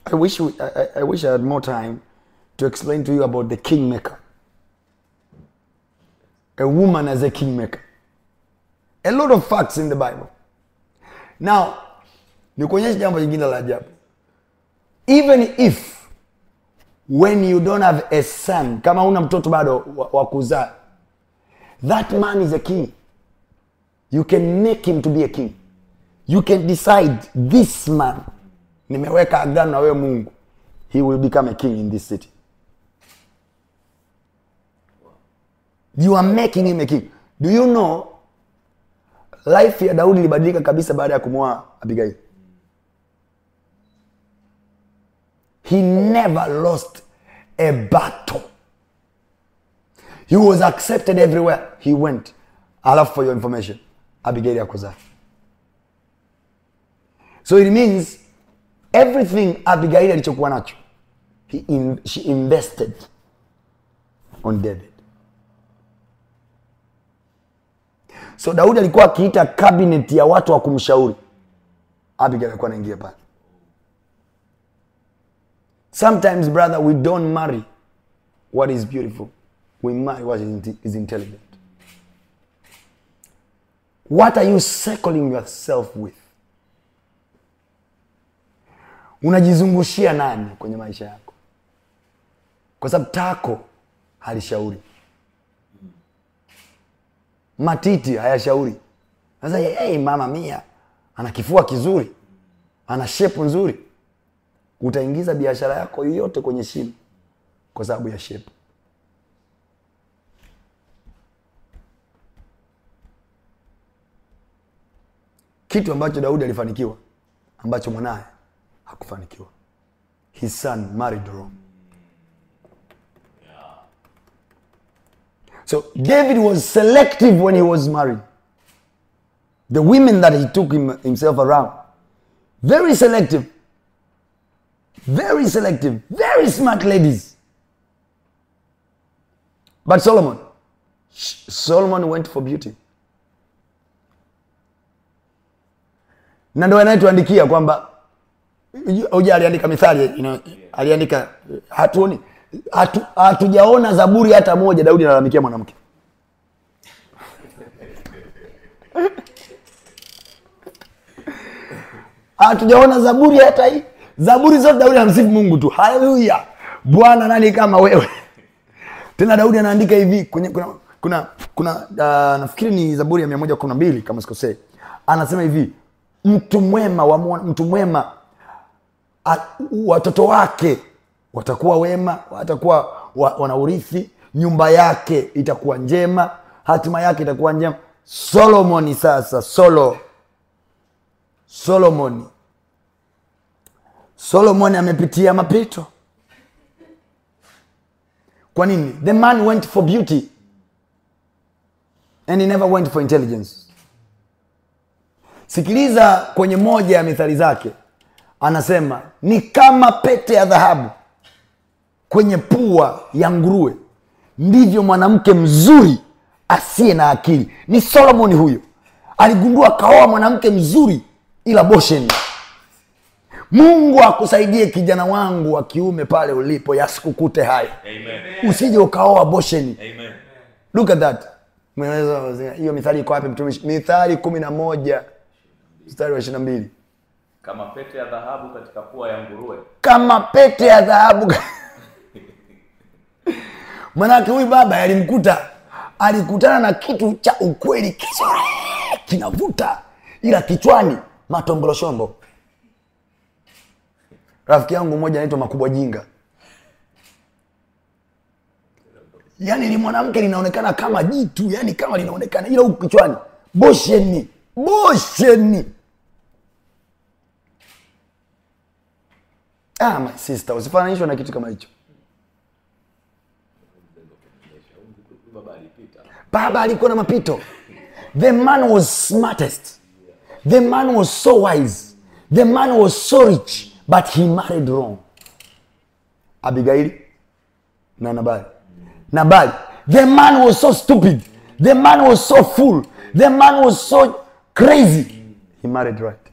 A: I wish we, I, I wish I had more time to explain to you about the kingmaker. A woman as a kingmaker. A lot of facts in the Bible. Now, nikuonyeshe jambo jingine la ajabu. Even if when you don't have a son, kama una mtoto bado wakuza wa kuzaa, that man is a king. You can make him to be a king. You can decide this man nimeweka agano na wewe Mungu, he will become a king in this city. You are making him a king. Do you know life ya Daudi ilibadilika kabisa baada ya kumwoa Abigail. He never lost a battle. He was accepted everywhere he went. love for your information, Abigail akuzaa. So it means everything Abigail alichokuwa nacho he in, she invested on David. So Daudi alikuwa akiita cabinet ya watu wa kumshauri. Abigail alikuwa anaingia pale. Sometimes brother we don't marry what is beautiful. We marry what is intelligent. What are you circling yourself with? unajizungushia nani kwenye maisha yako kwa sababu tako halishauri matiti hayashauri sasa hey, mama mia ana kifua kizuri ana shepu nzuri utaingiza biashara yako yoyote kwenye shimu kwa sababu ya shepu kitu ambacho daudi alifanikiwa ambacho mwanaye hakufanikiwa. His son married wrong. So David was selective when he was married. The women that he took him, himself around, very selective, very selective, very smart ladies. But Solomon, Solomon went for beauty. na ndo anayetuandikia kwamba Hoja aliandika mithali you know, aliandika hatuoni hatu, hatujaona Zaburi hata moja Daudi analalamikia mwanamke. hatujaona Zaburi hata hii. Zaburi zote Daudi anamsifu Mungu tu. Haleluya. Bwana nani kama wewe? Tena Daudi anaandika hivi kwenye kuna kuna, kuna uh, nafikiri ni Zaburi ya 112 kama sikosei. Anasema hivi, mtu mwema wa mtu mwema watoto wake watakuwa wema, watakuwa wa, wanaurithi, nyumba yake itakuwa njema, hatima yake itakuwa njema. Solomoni sasa, solo Solomoni, Solomoni amepitia mapito. Kwa nini? The man went for beauty and he never went for intelligence. Sikiliza kwenye moja ya mithali zake anasema ni kama pete ya dhahabu kwenye pua ya ngurue ndivyo mwanamke mzuri asiye na akili. Ni Solomoni huyo, aligundua kaoa mwanamke mzuri ila bosheni. Mungu akusaidie kijana wangu wa kiume pale ulipo, yasikukute haya Usije ukaoa bosheni. Look at that. Hiyo mithali iko wapi mtumishi? Mithali kumi na moja mstari wa ishiri na mbili
B: kama pete ya dhahabu katika pua ya nguruwe,
A: <laughs> kama pete ya dhahabu Manake huyu baba alimkuta, alikutana na kitu cha ukweli, kisha kinavuta, ila kichwani matongoloshombo. Rafiki yangu mmoja anaitwa Makubwa Jinga, yaani ni mwanamke linaonekana kama jitu, yaani kama linaonekana, ila huku kichwani bosheni bosheni Ah, my sister, usifananishwe na kitu kama hicho. Baba alikuwa na mapito. The man was smartest. The man was so wise. The man was so rich, but he married wrong. Abigaili na Nabali. Nabali. The man was so stupid. The man was so fool. The man was so crazy. He married right.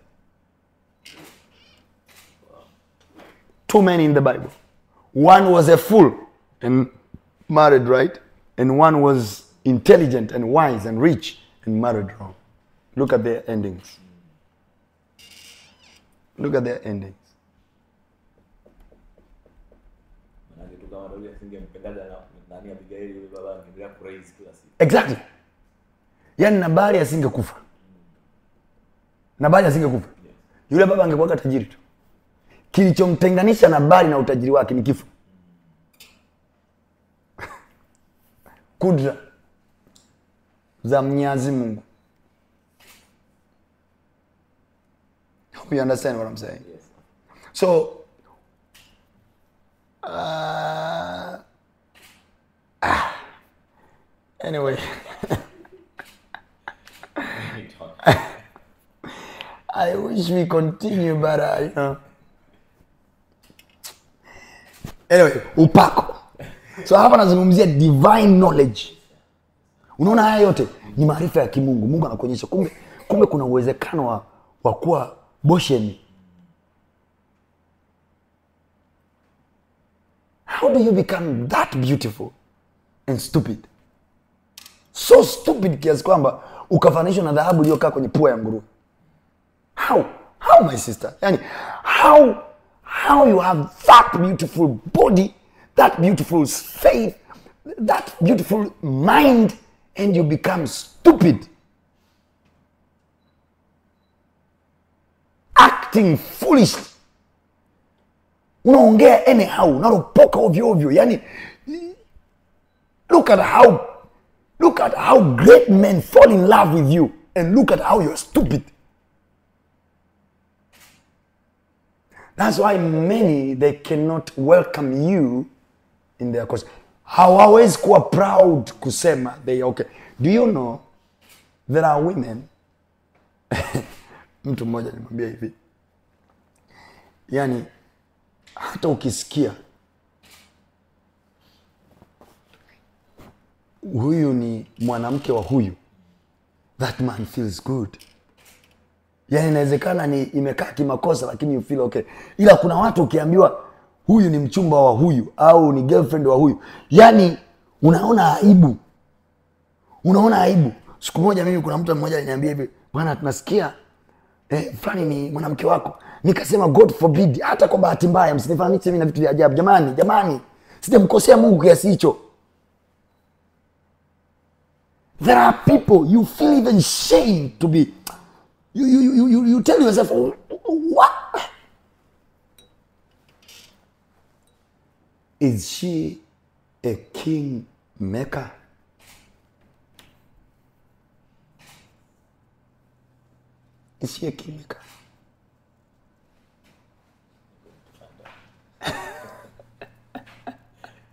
A: two men in the Bible. One was a fool and married right, and one was intelligent and wise and rich and married wrong. Look at their endings. Look at their endings. Exactly. Yaani Nabali asingekufa. Nabali asingekufa. Yule baba angekuwa tajiri tu. kilichomtenganisha na bali na utajiri wake ni kifo <laughs> kudra za mnyazi mungu Hope you understand what I'm saying. So, uh, ah, anyway, <laughs> <laughs> I wish we continue, but uh, you know anyway, upako so hapa nazungumzia divine knowledge unaona haya yote ni maarifa ya kimungu mungu anakuonyesha kumbe kumbe kuna uwezekano wa, wa kuwa bosheni how do you become that beautiful and stupid so stupid kiasi kwamba ukafananishwa na dhahabu iliyokaa kwenye pua ya nguruwe how how my sister yani how how you have that beautiful body, that beautiful faith, that beautiful mind, and you become stupid. Acting foolish. Unaongea anyhow, unaropoka ovyo ovyo. Yani, look at how look at how great men fall in love with you and look at how you're stupid. That's why many they cannot welcome you in their cause. Hawawezi kuwa proud kusema they okay. Do you know there are women <laughs> mtu mmoja alimwambia hivi, yani hata ukisikia huyu ni mwanamke wa huyu, that man feels good yani inawezekana ni imekaa kimakosa, lakini you feel okay. Ila kuna watu ukiambiwa huyu ni mchumba wa huyu au ni girlfriend wa huyu, yani unaona aibu, unaona aibu. Siku moja mimi, kuna mtu mmoja aliniambia hivi, bwana, tunasikia eh, fulani ni mwanamke wako. Nikasema God forbid, hata kwa bahati mbaya. Msinifananishe mimi na vitu vya ajabu jamani, jamani, sijamkosea Mungu kiasi hicho. There are people you feel even shame to be You, you, you, you, you tell yourself, oh, what? Is she a king maker? Is she a king maker?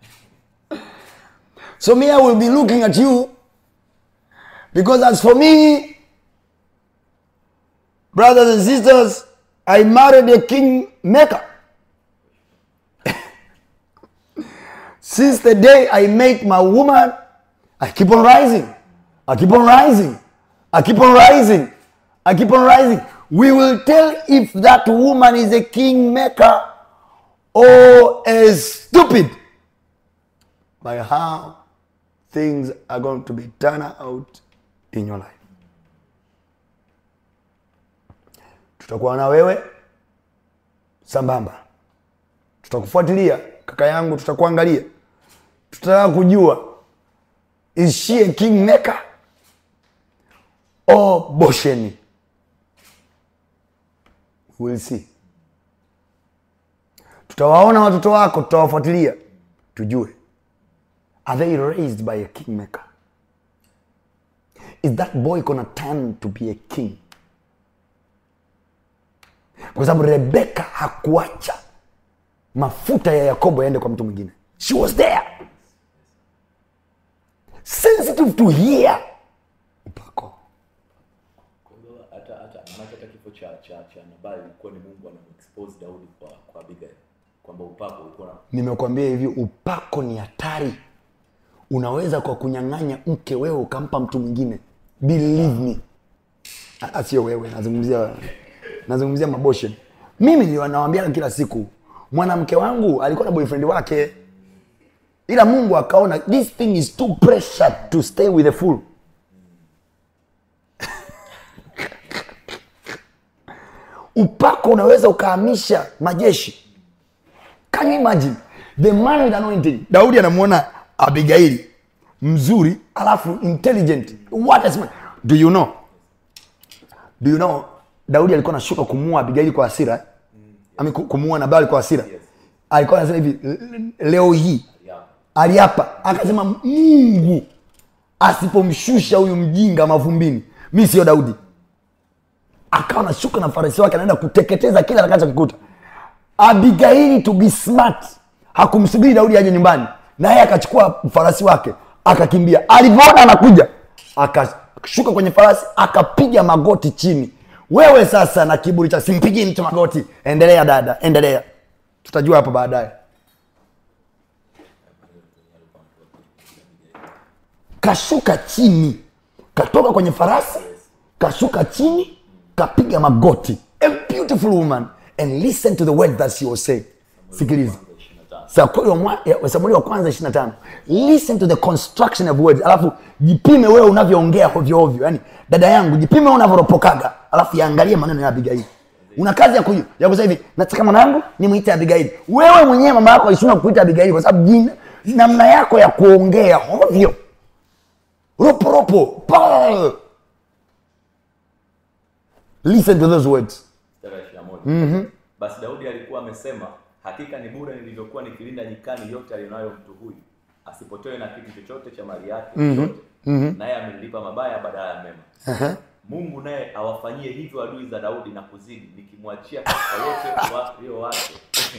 A: <laughs> so me, I will be looking at you because as for me, Brothers and sisters, I married a kingmaker. <laughs> Since the day I met my woman, I keep on rising. I keep on rising. I keep on rising. I keep on rising. We will tell if that woman is a kingmaker or a stupid by how things are going to be turned out in your life. tutakuwa na wewe sambamba, tutakufuatilia kaka yangu, tutakuangalia, tutataka kujua king kingmaker o bosheni. We'll see. Tutawaona watoto wako, tutawafuatilia tujue, are they raised by a kingmaker? Is that boy gonna turn to be a king? kwa sababu rebeka hakuacha mafuta ya yakobo yaende kwa mtu mwingine she was there sensitive to hear upako ni Nimekwambia hivi upako ni hatari, unaweza kwa kunyang'anya mke wewe ukampa mtu mwingine, believe me, wewe, nazungumzia nazungumzia maboshe Mimi ndio kila siku, mwanamke wangu alikuwa na boyfriend wake, ila Mungu akaona this thing is too pressure to stay with a fool. <laughs> Upako unaweza ukahamisha majeshi. Can you imagine the man with anointing? Daudi anamuona Abigaili mzuri, alafu intelligent. What is Do you know? Do you know Daudi alikuwa anashuka kumua Abigaili kwa hasira eh? Mm, Ami kumua na Nabali kwa hasira. Alikuwa anasema hivi leo hii aliapa akasema, Mungu asipomshusha huyu mjinga mavumbini, mi sio Daudi. Akawa nashuka na farasi wake anaenda kuteketeza kila kikuta Abigaili to be smart hakumsubiri Daudi aje nyumbani, na yeye akachukua farasi wake akakimbia. Alivyoona anakuja akashuka kwenye farasi akapiga magoti chini wewe sasa na kiburi cha simpigi mtu magoti. Endelea dada, endelea, tutajua hapo baadaye. Kashuka chini, katoka kwenye farasi, kashuka chini, kapiga magoti. A beautiful woman and listen to the word that she was say Sikiliza samuli wa kwanza tano Listen to the construction of words, alafu jipime wewe unavyoongea hovyohovyo hovyo. Yani dada yangu, jipime unavyoropokaga alafu yaangalie maneno ya Abigail. Una kazi ya kuyo. ya kusema hivi, nataka mwanangu nimuite Abigail. Wewe mwenyewe mama yako Aisha kukuita Abigail kwa sababu jina namna yako ya kuongea ovyo. Ropo ropo. Listen to those words.
B: Mhm. Mm-hmm. Basi Daudi alikuwa amesema, hakika ni bure nilivyokuwa nikilinda nyikani yote aliyonayo mtu huyu, asipotoe na kitu chochote cha mali yake mm mm -hmm. naye amelipa mabaya badala ya mema. uh -huh. Mungu naye awafanyie hivyo adui za Daudi na kuzidi, nikimwachia wote wake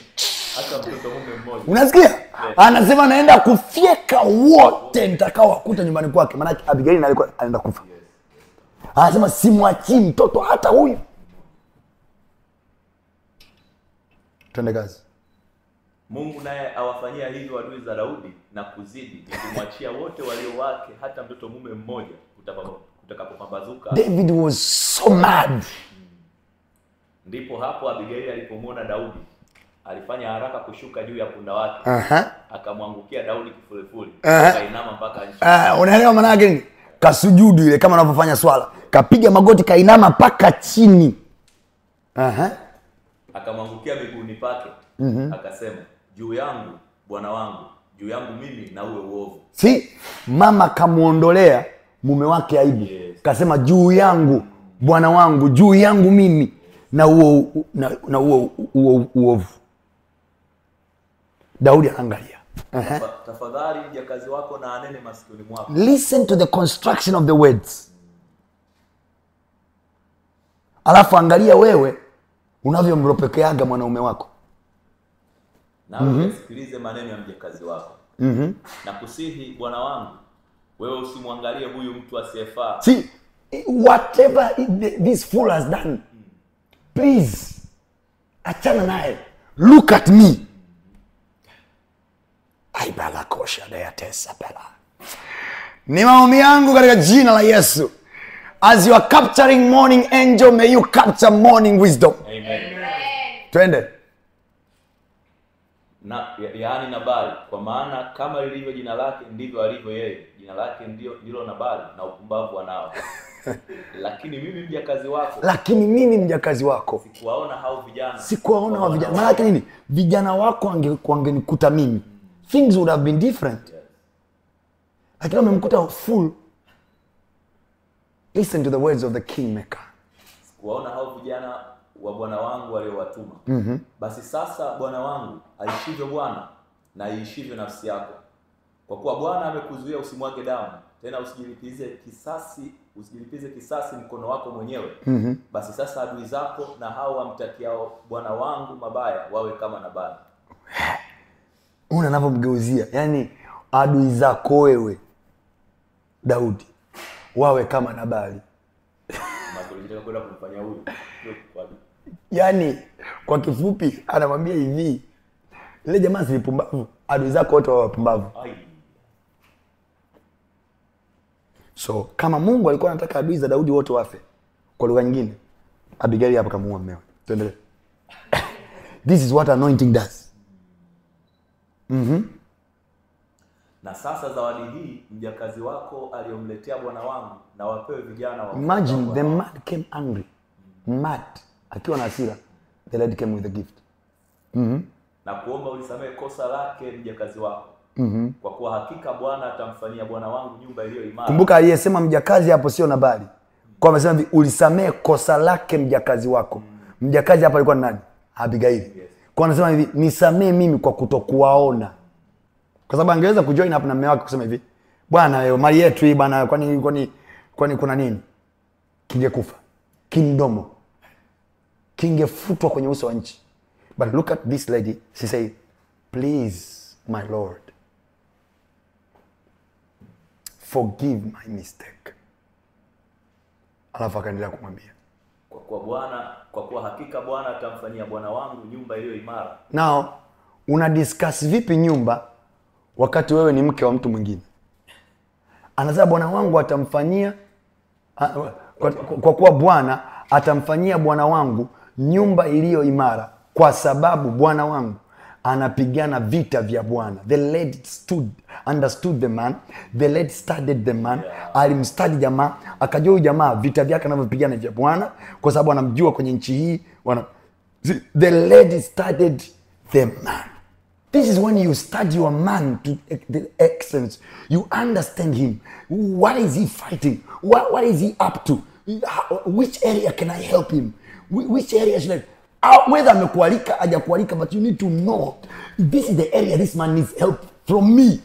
B: <laughs> hata mtoto mume mmoja. Unasikia
A: anasema anaenda kufyeka wote nitakaowakuta nyumbani kwake, maanake Abigaili alikuwa anaenda kufa. Anasema simwachii mtoto hata huyu. Twende kazi.
B: Mungu naye awafanyia hivyo adui za Daudi na kuzidi, nikimwachia wote walio wake hata mtoto mume mmoja utapapa tutakapopambazuka. David
A: was so mad.
B: Ndipo hapo Abigaili alipomwona Daudi alifanya haraka kushuka juu ya punda wake. Aha. Akamwangukia Daudi kifulifuli. Akainama mpaka nchi. Ah,
A: unaelewa maana yake nini? Kasujudu ile kama anavyofanya swala. Kapiga magoti kainama mpaka chini. Aha.
B: Akamwangukia miguuni pake. Mm -hmm. Akasema, "Juu yangu, bwana wangu, juu yangu mimi na uwe uovu."
A: Si mama kamuondolea mume wake aibu yes. Kasema juu yangu bwana wangu, juu yangu mimi na huo na, na huo uovu. Daudi anaangalia
B: uh-huh.
A: Listen to the construction of the words, alafu angalia wewe unavyomropekeaga mwanaume wako
B: na mm -hmm. Sikilize maneno ya mjakazi wako mm -hmm. na kusihi bwana wangu wewe usimwangalie huyu mtu asiyefaa see
A: whatever this fool has done please achana naye look at me aibalakoshadeatesapela ni maombi yangu katika jina la yesu as you are capturing morning angel may you capture morning wisdom
B: Amen. Amen. twende na yaani Nabali, kwa maana kama lilivyo jina lake ndivyo alivyo yeye. Jina lake ndio ndilo Nabali, na upumbavu anao. <laughs> lakini mimi mjakazi wako,
A: lakini mimi mjakazi wako
B: sikuwaona hao vijana,
A: sikuwaona hao vijana. Maana yake nini? Vijana wako wangenikuta mimi, mm. things would have been different, lakini wamemkuta full. Listen to the words of the kingmaker,
B: sikuwaona hao vijana wa bwana wangu aliyowatuma. mm -hmm. Basi sasa bwana wangu, aishivyo Bwana na iishivyo nafsi yako, kwa kuwa Bwana amekuzuia usimwage damu, tena usijilipize kisasi, usijilipize kisasi mkono wako mwenyewe. mm -hmm. Basi sasa adui zako na hao wamtakiao bwana wangu mabaya wawe kama Nabali.
A: Una anavyomgeuzia yani, adui zako wewe Daudi wawe kama Nabali. Yaani kwa kifupi anamwambia hivi, ile jamaa si pumbavu, adui zako wote wao wapumbavu. So kama Mungu alikuwa anataka adui za Daudi wote wafe, kwa lugha nyingine, Abigaili hapa kamuua mmewe. Tuendelee. <coughs> This is what anointing does. Mhm. Mm
B: na sasa zawadi hii mjakazi wako aliyomletea bwana wangu na wapewe vijana wa Imagine the man
A: came angry. Mad akiwa na hasira, the lady came with a gift.
B: mm -hmm. na kuomba ulisamehe kosa lake mjakazi wako mm -hmm. kwa kuwa hakika Bwana atamfanyia bwana wangu nyumba iliyo imara. Kumbuka aliyesema
A: mjakazi hapo sio Nabali, kwa amesema hivi ulisamehe kosa lake mjakazi wako. mm -hmm. mjakazi hapa alikuwa ni nani? Abigaili. yes. kwa anasema hivi nisamehe mimi kwa kutokuwaona, kwa sababu angeweza kujoin hapo na mume wake kusema hivi bwana, mali yetu hii bwana, kwani kwani kwani kuna nini? Kingekufa kimdomo kingefutwa kwenye uso wa nchi but look at this lady she say please my lord forgive my mistake alafu akaendelea kumwambia
B: kwa kuwa bwana kwa kuwa hakika bwana atamfanyia bwana wangu nyumba iliyo imara
A: now una discuss vipi nyumba wakati wewe ni mke wa mtu mwingine anasema bwana wangu atamfanyia kwa, kwa, kwa kuwa bwana atamfanyia bwana wangu nyumba iliyo imara, kwa sababu Bwana wangu anapigana vita vya Bwana. The Lord stood, understood the man. The Lord studied the man. Yeah. alimstudi jamaa, akajua huyu jamaa vita vyake anavyopigana vya Bwana, kwa sababu anamjua kwenye nchi hii wana... The Lord studied the man. This is when you study your man to e, the excellence. You understand him. What is he fighting? What, what is he up to? Which area can I help him? which areas like uh, ah, whether amekualika ajakualika but you need to know this is the area this man needs help from me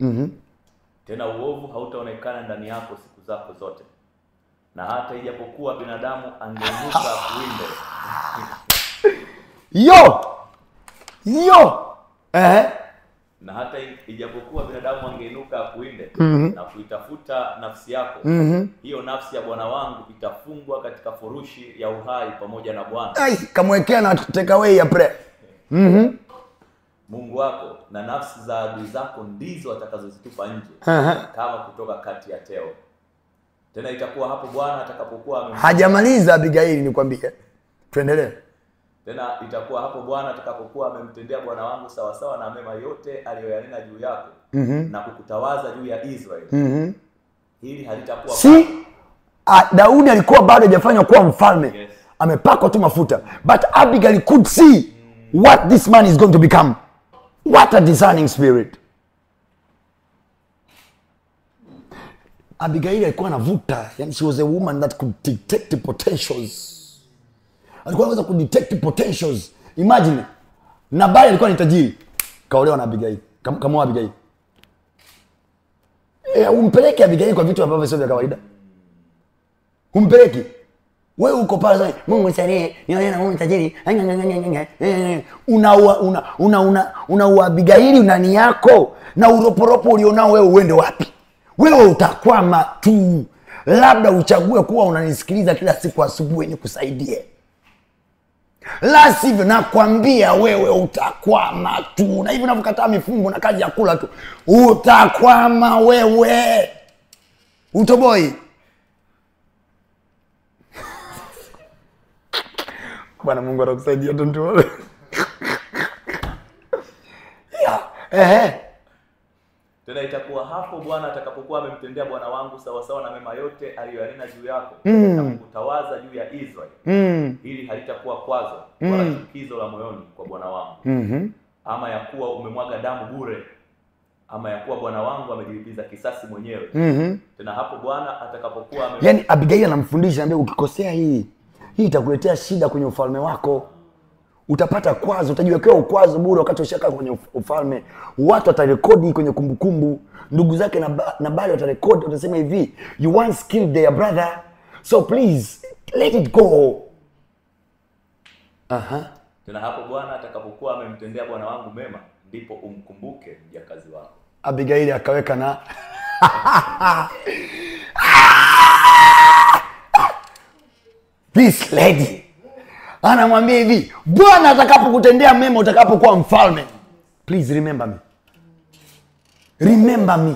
A: mm-hmm.
B: tena uovu hautaonekana ndani yako siku zako zote na hata ijapokuwa binadamu angeinuka <laughs> kuinde
A: yo yo eh
B: na hata ijapokuwa binadamu angeinuka akuinde mm -hmm. na kuitafuta nafsi yako mm -hmm. hiyo nafsi ya bwana wangu itafungwa katika furushi ya uhai pamoja na Bwana. Ai,
A: kamwekea na take away ya prayer mm -hmm.
B: Mungu wako na nafsi za adui zako ndizo atakazozitupa nje uh -huh. kama kutoka kati ya teo. Tena itakuwa hapo Bwana atakapokuwa hajamaliza.
A: Abigaili, nikwambie, tuendelee.
B: Tena itakuwa hapo Bwana atakapokuwa amemtendea bwana wangu sawasawa na mema yote aliyoyanena juu yako mm -hmm. na kukutawaza juu ya Israeli mm -hmm. hili halitakuwa si
A: A, Daudi alikuwa bado hajafanywa kuwa mfalme yes. amepakwa tu mafuta but Abigail could see mm. what this man is going to become what a discerning spirit Abigail alikuwa anavuta yani she was a woman that could detect the potentials walikuwa ku kudetect potentials. Imagine Nabali alikuwa ni tajiri, kaolewa na bigai kama kamoa bigai E, eh, umpeleke bigai kwa vitu ambavyo sio vya kawaida, umpeleke wewe uko pale sasa, Mungu ni nione na Mungu tajiri. Eh, eh, una una una una una uabigaili nani yako na uroporopo ulionao wewe uende wapi? Wewe utakwama tu. Labda uchague kuwa unanisikiliza kila siku asubuhi nikusaidie la sivyo nakwambia wewe utakwama tu, na hivi unavyokataa mifungo na kazi ya kula tu utakwama wewe, utoboi <laughs> Bwana Mungu atakusaidia tuntu.
B: <laughs> yeah. Tena itakuwa hapo Bwana atakapokuwa amemtendea bwana wangu sawasawa na mema yote aliyoyanena juu yako mm. na kutawaza juu ya Israeli mm. ili halitakuwa kwazo mm. wala chukizo la moyoni kwa bwana wangu mm -hmm. ama ya kuwa umemwaga damu bure ama ya kuwa bwana wangu amejilipiza kisasi mwenyewe mm -hmm. tena hapo Bwana atakapokuwa yani
A: Abigaili anamfundisha anambia, ukikosea hii hii itakuletea shida kwenye ufalme wako utapata kwazo, utajiwekewa ukwazo bure wakati ushaka kwenye ufalme. Watu watarekodi kwenye kumbukumbu, ndugu zake na, na bali watarekodi, watasema hivi you once killed their brother, so please let it go. Aha.
B: Tena hapo Bwana atakapokuwa amemtendea bwana wangu mema, ndipo umkumbuke mjakazi wako.
A: Abigaili akaweka na this <laughs> ah! lady anamwambia hivi, Bwana atakapokutendea mema utakapokuwa mfalme, please remember me, remember me,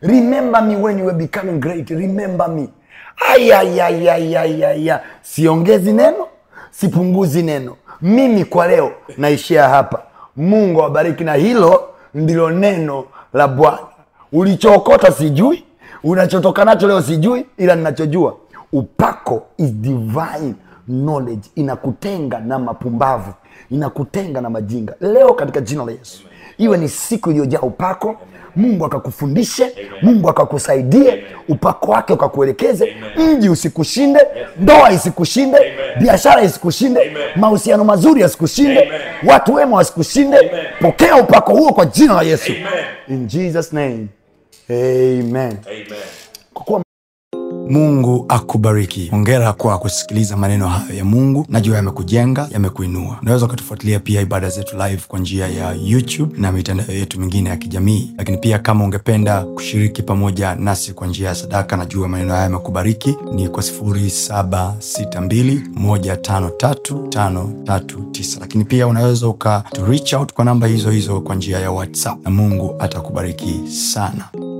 A: remember me when you were becoming great, remember me. Ayayayayayaya, siongezi neno, sipunguzi neno, mimi kwa leo naishia hapa. Mungu awabariki, na hilo ndilo neno la Bwana. Ulichookota sijui, unachotoka nacho leo sijui, ila ninachojua upako is divine knowledge inakutenga na mapumbavu inakutenga na majinga leo katika jina la yesu iwe ni siku iliyojaa upako mungu akakufundishe mungu akakusaidie upako wake ukakuelekeze mji usikushinde ndoa isikushinde biashara isikushinde mahusiano mazuri yasikushinde watu wema wasikushinde pokea upako huo kwa jina la yesu in jesus name amen, amen. kwa kuwa Mungu akubariki. ongera kwa kusikiliza maneno hayo ya Mungu, najua yamekujenga, yamekuinua. Unaweza ukatufuatilia pia ibada zetu live kwa njia ya YouTube na mitandao yetu mingine ya kijamii, lakini pia kama ungependa kushiriki pamoja nasi kwa njia ya sadaka, najua maneno hayo yamekubariki, ni kwa 762153539 lakini pia unaweza ukatu kwa namba hizo hizo
B: kwa njia ya WhatsApp na Mungu atakubariki sana.